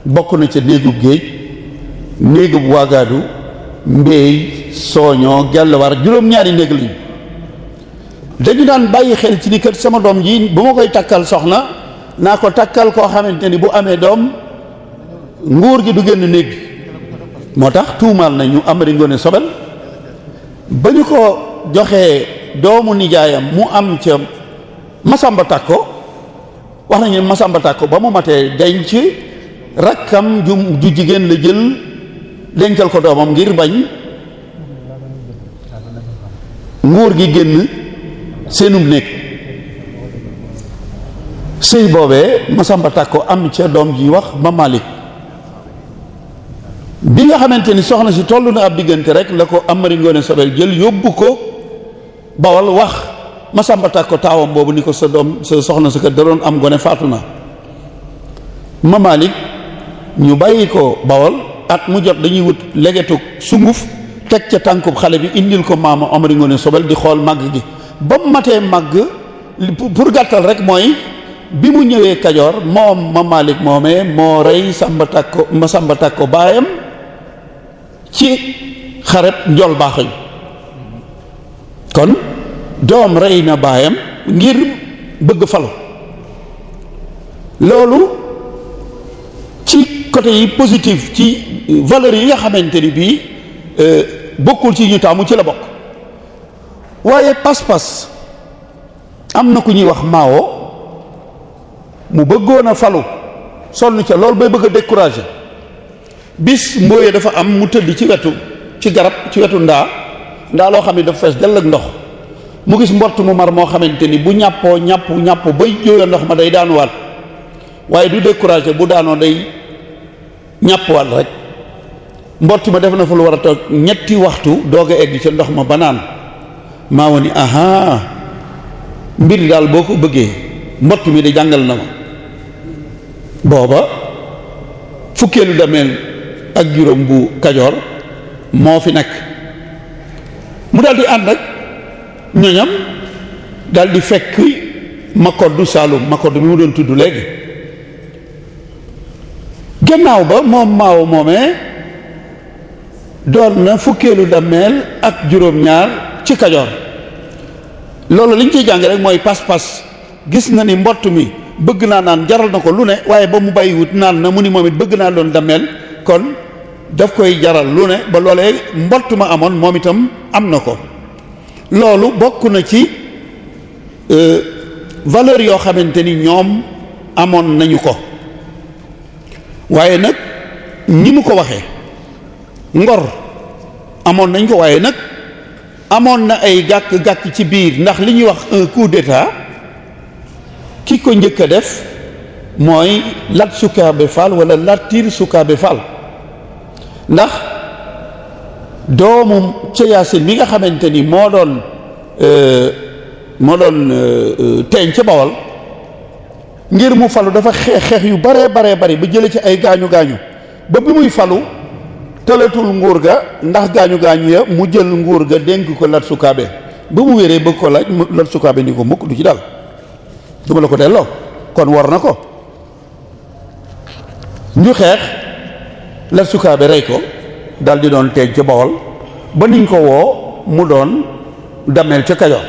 bokk na ca néegub géej néegub waagaadu mbéy sooñoo gelluwaar juróom-ñaari néeg lañu dañu daan bàyyi xel ci ni kat sama doom ji bu ma koy takkal soxna naa ko takkal koo xamante ni bu amee doom nguur gi du génn néeg moo tax tuumaal na ñu Amari Ngoone Sobel ba ñu ko joxee doomu nijaayam mu am ca Masamba Takko wax nañu Masamba Takko ba mu matee ci rakkam ju jigéen la jël dencal ko doomam ngir bañ nguur gi génn seenum nekk sëy boobee Masamba Takko am ca doom ji wax ma Malik bi nga xamante ni soxna si toll na ab diggante rek la ko Amari Ngoone Sobel jël yóbbu ko Bawal wax Masamba ko taawam boobu ni ko sa doom sa soxna sa kat da am gone faatu na ma Malik ñu bàyyi ko bawol at mu jot dañuy wut legetug sunguf teg ca tànkub xale bi indil ko maama Omari Ngoone Sobel di xool màgg gi ba mu matee màgg pour gàttal rek mooy bi mu ñëwee Kajoor moom ma Malick moomee moo rey Samba Takko ma Samba Takko baayam ci xareb njool baaxoñ kon doom rey na baayam ngir bëgg falo loolu côté yi positif ci valeurs yi nga xamante ni bii euh, bokkul ci ñu taamu ci la bokk waaye pas-pas am na ku ñuy wax Mao mu bëggoon a falu sonn ca loolu bay bëgg a bis mbooyee dafa am mu tëdd ci wetu ci garab ci wetu ndaa ndaa loo xam ne dafa fees dell ak ndox mu gis mbott mu mar moo xamante ni bu ñàppoo ñàpp ñàpp bay jóoya ndox ma day daanuwaat waaye du décourager bu daanoo day ñàpp wàll rek mbott ma def na fa lu war a toog ñetti waxtu doog egg ca ndox ma banaan maa woon ni aha mbir daal boo ko bëggee mbott mi di jàngal na ma booba fukkeelu dameel ak juróom bu kajoor moo fi nekk mu daal di ànd ak ñoñam daal di fekk makoddu saalum makoddu bi mu doon tudd léegi gannaaw ba moom maaw moomee doon na fukkeelu dammeel ak juróom-ñaar ci Kajoor loolu liñ ciy jàng rek mooy pas-pas gis na ni mbott mi bëgg naa naan jaral na ko lu ne waaye ba mu bàyyiwut naan na mu ni moom it bëgg naa doon dammeel kon daf koy jaral lu ne ba loolee mbott ma amoon moom itam am na ko loolu bokk na ci euh, valeur yoo xamante ni ñoom amoon nañu ko waaye nag ñi mu ko waxee ngor amoon nañ ko waaye nag amoon na ay gàkk-gàkk ci biir ndax li ñuy wax un coup d'état ki ko njëkk a def mooy Lat Sukaabe Fall wala Latir Sukaabe Fall ndax doomu Ceyaasin bi nga xamante ni moo doon euh, moo doon euh, euh, teeñ ca Bawol ngir mu falu dafa xeex xeex yu baree baree bari ba jële ci ay gaañu gaañu ba bi muy falu tëlatul nguur ga ndax gaañu gaañu ya mu jël nguur ga dénk ko Lat ba mu wéree bëgg ko laaj Lat Sukaabe ko mukk du ci dal du ma ko delloo kon war na ko ñu xeex Lat rey ko dal di doon teej ca Bawol ba niñ ko woo mu doon dameel ca Kajoor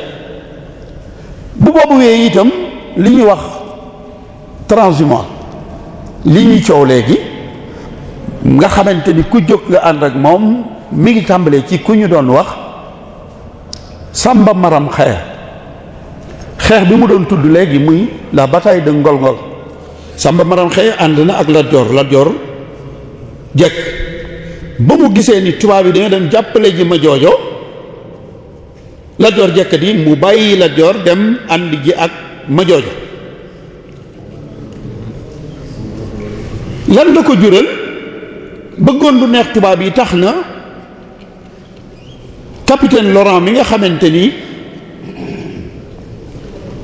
bu boobu wee itam li ñuy wax transhumant li ñuy coow léegi nga xamante ni ku jóg nga ànd ak moom mi ngi tàmbalee ci ku ñu doon wax Samba Maram Xaya xeex bi mu doon tudd léegi muy la bataille de Ngolngol Samba Maram Xaya ànd na ak Lat Joor Lat Joor jekk ba mu gisee ni tubaab yi dañoo dem jàppale ji ma joojo Lat Joor jekkat yi mu bàyyi Lat Joor dem ànd ji ak ma joojo lan da ko jural bëggoon lu neex tubaab yi tax na capitaine Laurent mi nga xamante ni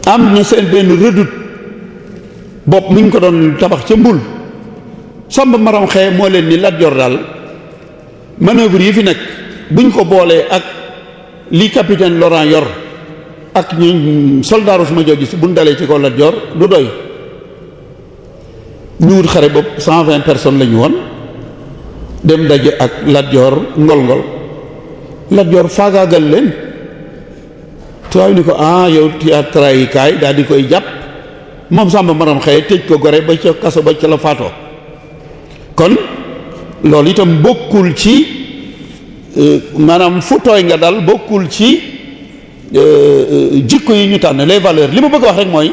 am na seen benn redoute bopp mu ñu ko doon tabax ca mbul Samba Maram Xee moo leen ni Lat Joor daal manœuvre yi fi nekk buñ ko boolee ak li capitaine Laurent yor ak ñu soldaaru suma jooju si buñ dalee ci ko Lat Joor du doy ñu wut xare bopp cent vingt personnes la ñu woon dem daje ak Lat ngol-ngol Lat Joor faagaagal leen tubaab ni ko ah yow yaa trahi kaay daal di koy jàpp moom Samba Maram Xëye tëj ko gore ba ca kaso ba ca la faatoo kon loolu itam bokkul ci euh, maanaam fu tooy nga dal bokkul ci euh, euh, jikko yi ñu tànn les valeurs li ma bëgg wax rek mooy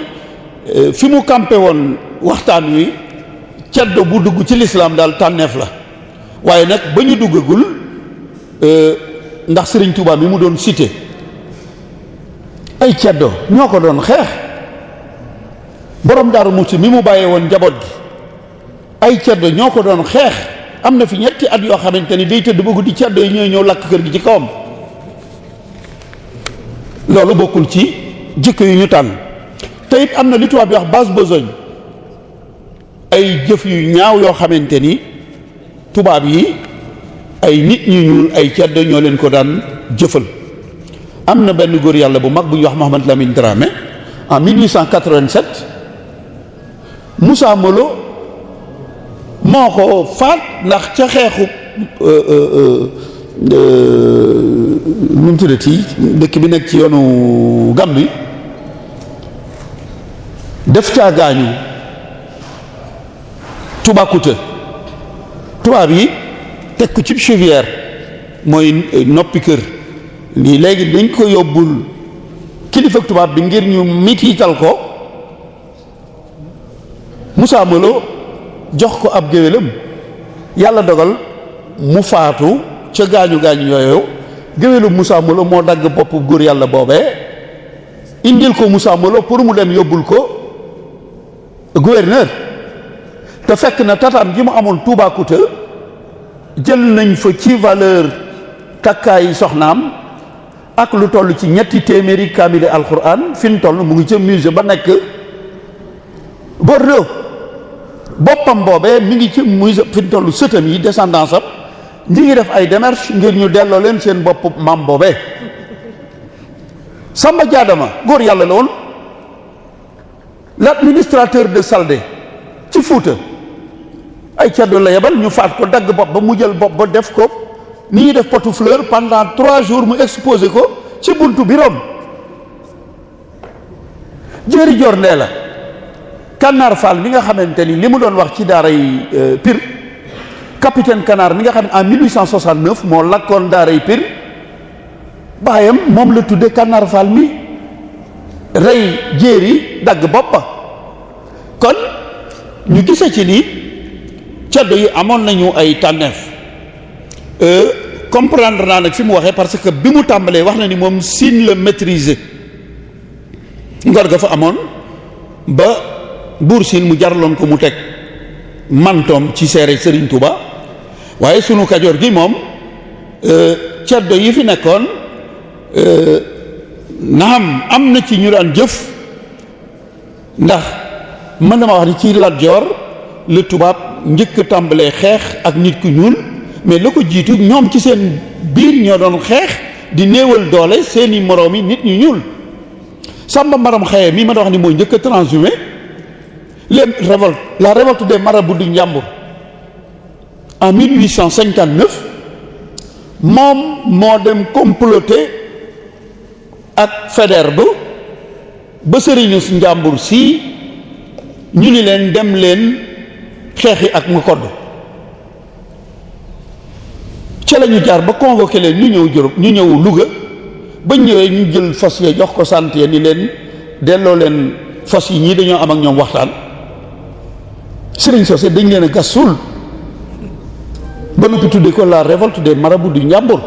fi mu campé woon waxtaan wi. ceddo bu dugg ci lislaam daal tànneef la waaye nag ba ñu duggagul euh, ndax sëriñ Tuubaa bi mu doon cité ay ceddo ñoo ko doon xeex borom daaru muti mi mu bàyyee woon njaboot gi ay ceddo ñoo ko doon xeex am na fi ñetti at yoo xamante ni day tëdd ba di ceddo yi ñooy ñëw lakk kër gi ci kawam loolu bokkul ci jikko yu ñu tànn te it am na li tubaab bi wax base besogne ay jëf yu ñaaw yoo xamante ni tubaab yi ay nit ñu ñuul ay cedd ñoo leen ko daan jëfal am na benn góor yàlla bu mag bu ñuy wax Mohamed Lamine Dramé en 1887 Moussa Molo moo ko faat ndax ca xeexu euh, euh, euh, nu mu tuddati dëkk bi nekk ci yoonu Gàmbi def caa gaañu Toubacouta tubaab yi teg ko ci chevière mooy euh, noppi kër lii léegi dañ ko yóbbul kilifa tubaab bi ngir ñu mitiital ko Moussa Malo jox ko ab géwélam yàlla dogal mu faatu ca gaañu gaañu yooyu géwélu Moussa molo moo dagg boppu góor yàlla boobee indil ko Moussa Malo pour mu dem yóbbul ko gouverneur te fekk na tataam ji mu amoon Toubacouta jël nañ fa ci valeur takkaayi soxnaam ak lu toll ci ñetti téeméeri kaamile alxuraan fi mu toll mu ngi ca musée ba nekk Bordeaux boppam boobee mi ngi ci musée fi mu toll sëtam yi descendance am ñi ngi def ay démarche ngir ñu delloo leen seen bopp maam boobee Samba Diadama góor yàlla la woon l'administrateur de salde ci Fuuta ay ceddo la yebal ñu faat ko dagg bopp ba mu jël bopp ba def ko ni ñuy def potu fleur pendant trois jours mu exposé ko ci buntu bi rom jëri jor ndee la Kanaar Fall mi nga xamante ni li mu doon wax ci daaray yi euh, Pire Kanaar mi nga xam ne en 1869 moo lakkoon daara yi Pire baayam moom la tudde Kanaar Fall mi rey jéeri dagg ba kon ñu gise ci nii ceddo yi amoon nañu ay tànneef euh, comprendre naa nag fi mu waxee parce que bi mu tàmbalee wax na ni moom siin la maîtriser ngor ga fa amoon ba buur siin mu jaraloon ko mu teg mantoom ci seere sëriñ Touba waaye sunu kajoor gi moom euh, ceddo yi fi nekkoon euh, naam am na ci ñu daan jëf ndax mën na wax ni ci Lat Joor tubaab njëkk tàmbalee xeex ak nit ku ñuul mais la ko jiitu ñoom ci seen biir ñoo doon xeex di néewal doole seeni moroom yi nit ñu ñuul Samba Maram Xaye mii ma da wax ni mooy njëkk a transhumé les révolte la révolte de marabouts du Njàmbur en 1859 moom moo dem comploter ak Faidherbe ba sëriñu Njàmbur si ñu ni leen dem leen yi ak nga kodd ca la ñu jaar ba convoqué leen ñu ñëw Diouroup ñu ñëw Louga ba ñëwee ñu jël fos ya jox ko sant ya ni leen delloo leen fos yi ñii dañoo am ak ñoom waxtaan sëriñ Socé dañ leen a gas suul ba noppi tuddee ko la révolte des marabouts du Njàmbur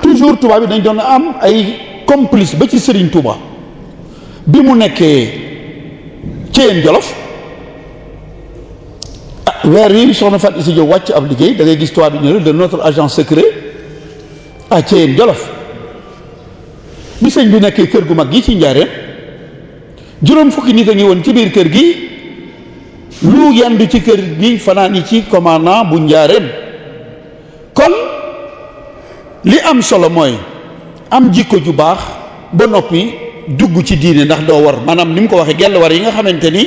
toujours Touba bi dañ doon am ay complice ba ci sëriñ Touba bi mu nekkee Ceyeen Jolof weer wi soxna Fatou si Diop wàcc ab liggéey dangay ngay gis toit bi ñu de notre agent secret à Thièyène bi sëñ nekkee kër gu mag gi ci njaareem juróom fukki nit a ngi woon ci biir kër gi lu yandu ci kër gi fanaan yi ci commandant bu njaareem kon li am solo mooy am jikko ju baax ba noppi dugg ci diine ndax doo war maanaam ni mu ko waxee gell war yi nga xamante ni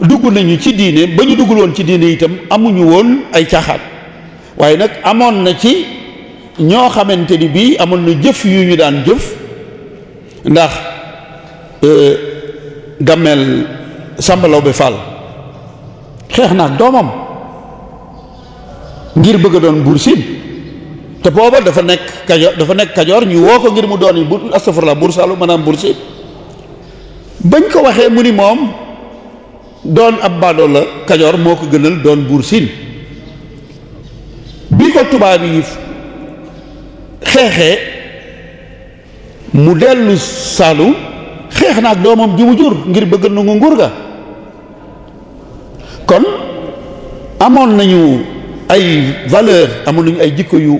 dugg nañu ci diine ba ñu duggul ci diine itam amuñu woon ay caaxaan waaye nag amoon na ci ñoo xamante ni bii amoon na jëf yu ñu daan jëf ndax euh, Damel Samba Laobé Fall xeex na ak doomam ngir bëgg a doon buur te booba dafa nekk kajoor dafa nekk kajoor ñu woo ko ngir mu doon bu astafurla buur Saalum maanaam buur siin bañ ko waxee mu ni moom doon ab baadoo la kajoor moo ko gënal doon buur siin bi ko tubaab yi xeexee mu dellu Saalum xeex na ak doomam ji jur ngir bëgg nangu nguur ga kon amoon nañu ay valeur amoon nañu ay jikko yu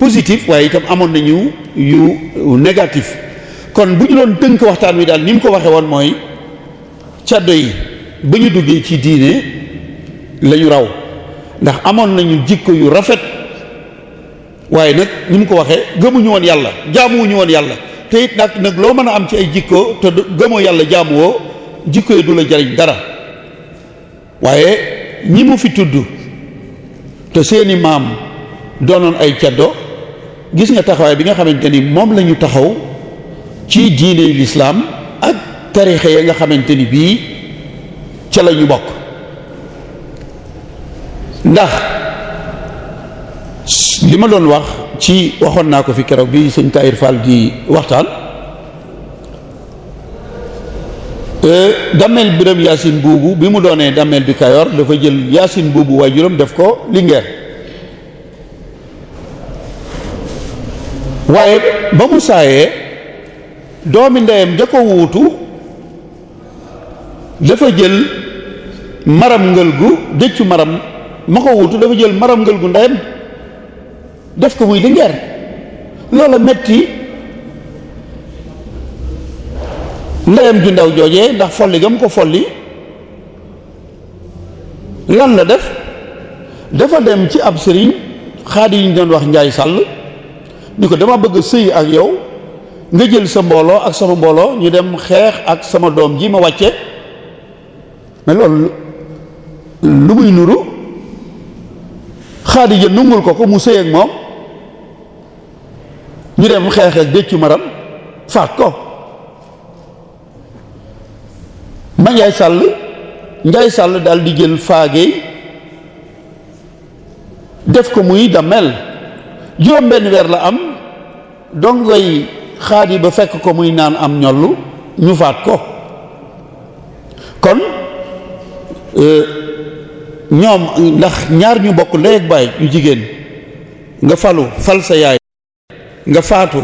positif waaye itam amoon nañu yu négatif kon bu ñu doon dënk waxtaan wi daal ni mu ko waxe woon mooy caddo yi ba ñu duggee ci diine lañu raw ndax amoon nañu jikko yu rafet waaye nag ni mu ko waxee gëmuñu woon yàlla jaamuwuñu woon yàlla te it nag nag loo mën a am ci ay jikko te gëmoo yàlla jaamuwoo jikko yi du la jariñ dara waaye ñi mu fi tudd te seeni maam doonoon ay ceddo gis nga taxawaay bi nga xamante ni moom la taxaw ci diine lislaam ak tarixe nga xamante bii ca la bokk ndax li ma doon wax ci waxoon naa ko fi keroog bi sëñ Tahir Fall di waxtaan euh, dammeel biram yaasin buubu bi mu doonee dammeel bi Kayor dafa jël yaasin buubu waajuram def ko Linguère waaye ba mu saayee doomi ndeyam da ko wuutu dafa jël maram ngël gu dëccu maram ma ko wutu dafa jël maram ngël gu ndeyam def ko muy lingeer loola metti ndeyam ju ndaw jooje ndax folli gam ko folli lan la def dafa dem ci ab sëriñ xaadi yi ñu doon wax njaay sàll ni ko dama bëgg sëy ak yow nga jël sa mbooloo ak sama mbooloo ñu dem xeex ak sama doom ji ma wàcce mais loolu lu muy nuru Xaadija nungul ko ko mu sëy ak moom ñu dem xeex ak déccu maram faat ko ma njaay sàll njaay sàll daal di jël faagey def ko muy dammel juróom benn weer la am dongoy xaadi ba fekk ko muy naan am ñollu ñu faat ko kon euh, ñoom ndax ñaar ñu bokk ndey ak baay jigéen nga falu fal sa yaay nga faatu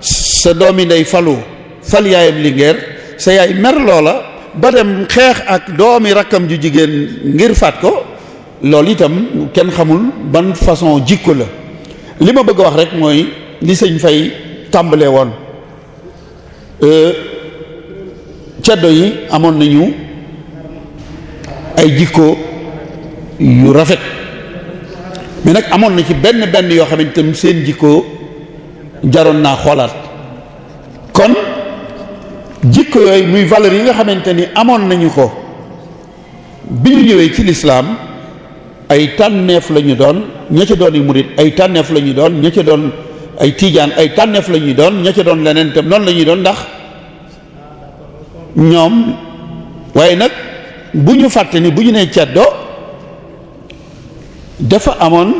sa doomi ndey falu fal yaayam lingeer sa yaay mer loola ba dem xeex ak doomi rakkam ju jigéen ngir faat ko loolu itam kenn xamul ban façon jikko la li ma bëgg a wax rek mooy li sëñ fay tàmbalee woon euh, ceddo yi amoon nañu ay jikko yu rafet mais nag amoon na ci benn benn yoo xamante ni seen jikko jaroon naa xoolaat kon jikko yooyu muy valeur yi nga xamante ni amoon nañu ko bi ñu ñëwee ci lislaam ay tànneef lañuy doon ña ca doon i ay tànneef la doon ña doon ay tiijaan ay tànneef la ñuy doon ña doon leneen itam noonu lañuy doon ndax ñoom waaye nag bu ñu fàtte ni bu ñu nee ceddoo dafa amoon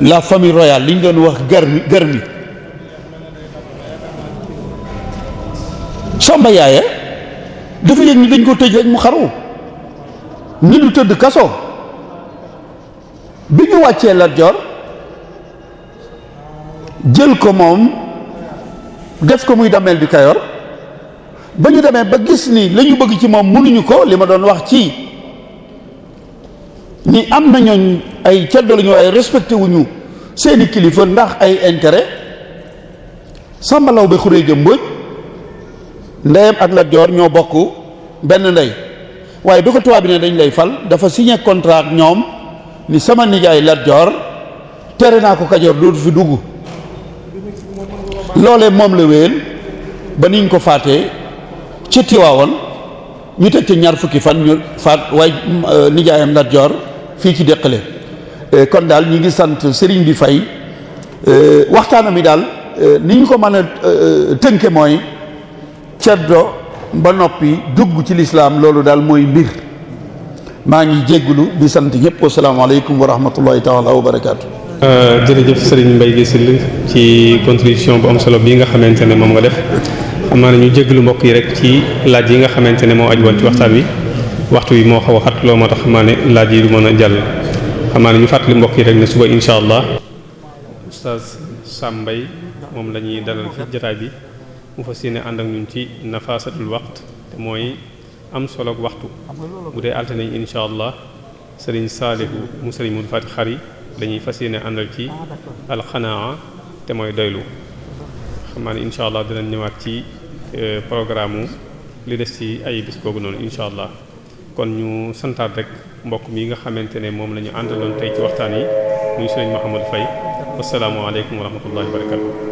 la famille royale li ñu doon wax garmi garmi Samba Yaaye dafa yëg ni dañ ko tëj rek mu xaru ñu lu tëdd kaso bi ñu wàccee Lat Joor jël ko moom def ko muy dameel bi Kayoor ba ñu demee ba gis ni la bëgg ci moom mënuñu ko li ma doon wax ci ni am na ñooñ ay ceddo lañu ay respecté wuñu seeni kilifa ndax ay intérêt Samba Laobé Khourédia Mbodj ndeyam ak Lat ñoo bokk benn ndey waaye bi ko tuwaabi ne dañ lay fal dafa siñe contrat ñoom ni sama nijaay Lat Joor tere naa ko Kajoor dootu fi dugg loolee moom la wéyal ba niñ ko faatee ci Tiwaawoon ñu teg ci ñaar fukki fan ñu faat waaye euh, nijaayam Lat Joor fii ci déqale euh, kon daal ñu ngi sant sëriñ bi fay euh, waxtaana mi daal euh, ni ñu ko mën a tënke mooy ceddo ba noppi dugg ci lislaam loolu daal mooy mbir maa ngi jégglu bi sant ñëpp wasalaamaaleykum wa rahmatullahi taala wa barakaatu jërëjëf sëriñ mbay Guèye li ci contribution bu am solo bii nga xamante ne moom nga def xam naa ne ñu jégglu mbokk yi rek ci laaj yi nga xamante ne moo aju woon ci waxtaan wi waxtu yi moo xaw a xat loolu moo tax xamaa ne laaj yi du mën a jàll xamaa ne ñu fàttali mbokk yi rek ne suba insha allah oustaz Sam moom la ñuy dalal fi jotaay bi mu fas yéene ànd ak ñun ci nafasatul waxt te mooy am solo waxtu bu dee altine insha allah sëriñ saalihu mu sëriñ mu fati xar yi dañuy fas yéene àndal ci alxanaa te mooy doylu xamaa ne insha allah dinañ ñëwaat ci euh, programme li des ci ay bis boobu noonu insha allah kon ñu santaat rek mbokk mi nga xamante ne moom la ñu àndaloon tey ci waxtaan yi muy sëriñ Mouhamadou Faye wasalaamualeykum wa rahmatullahi wa barakatuh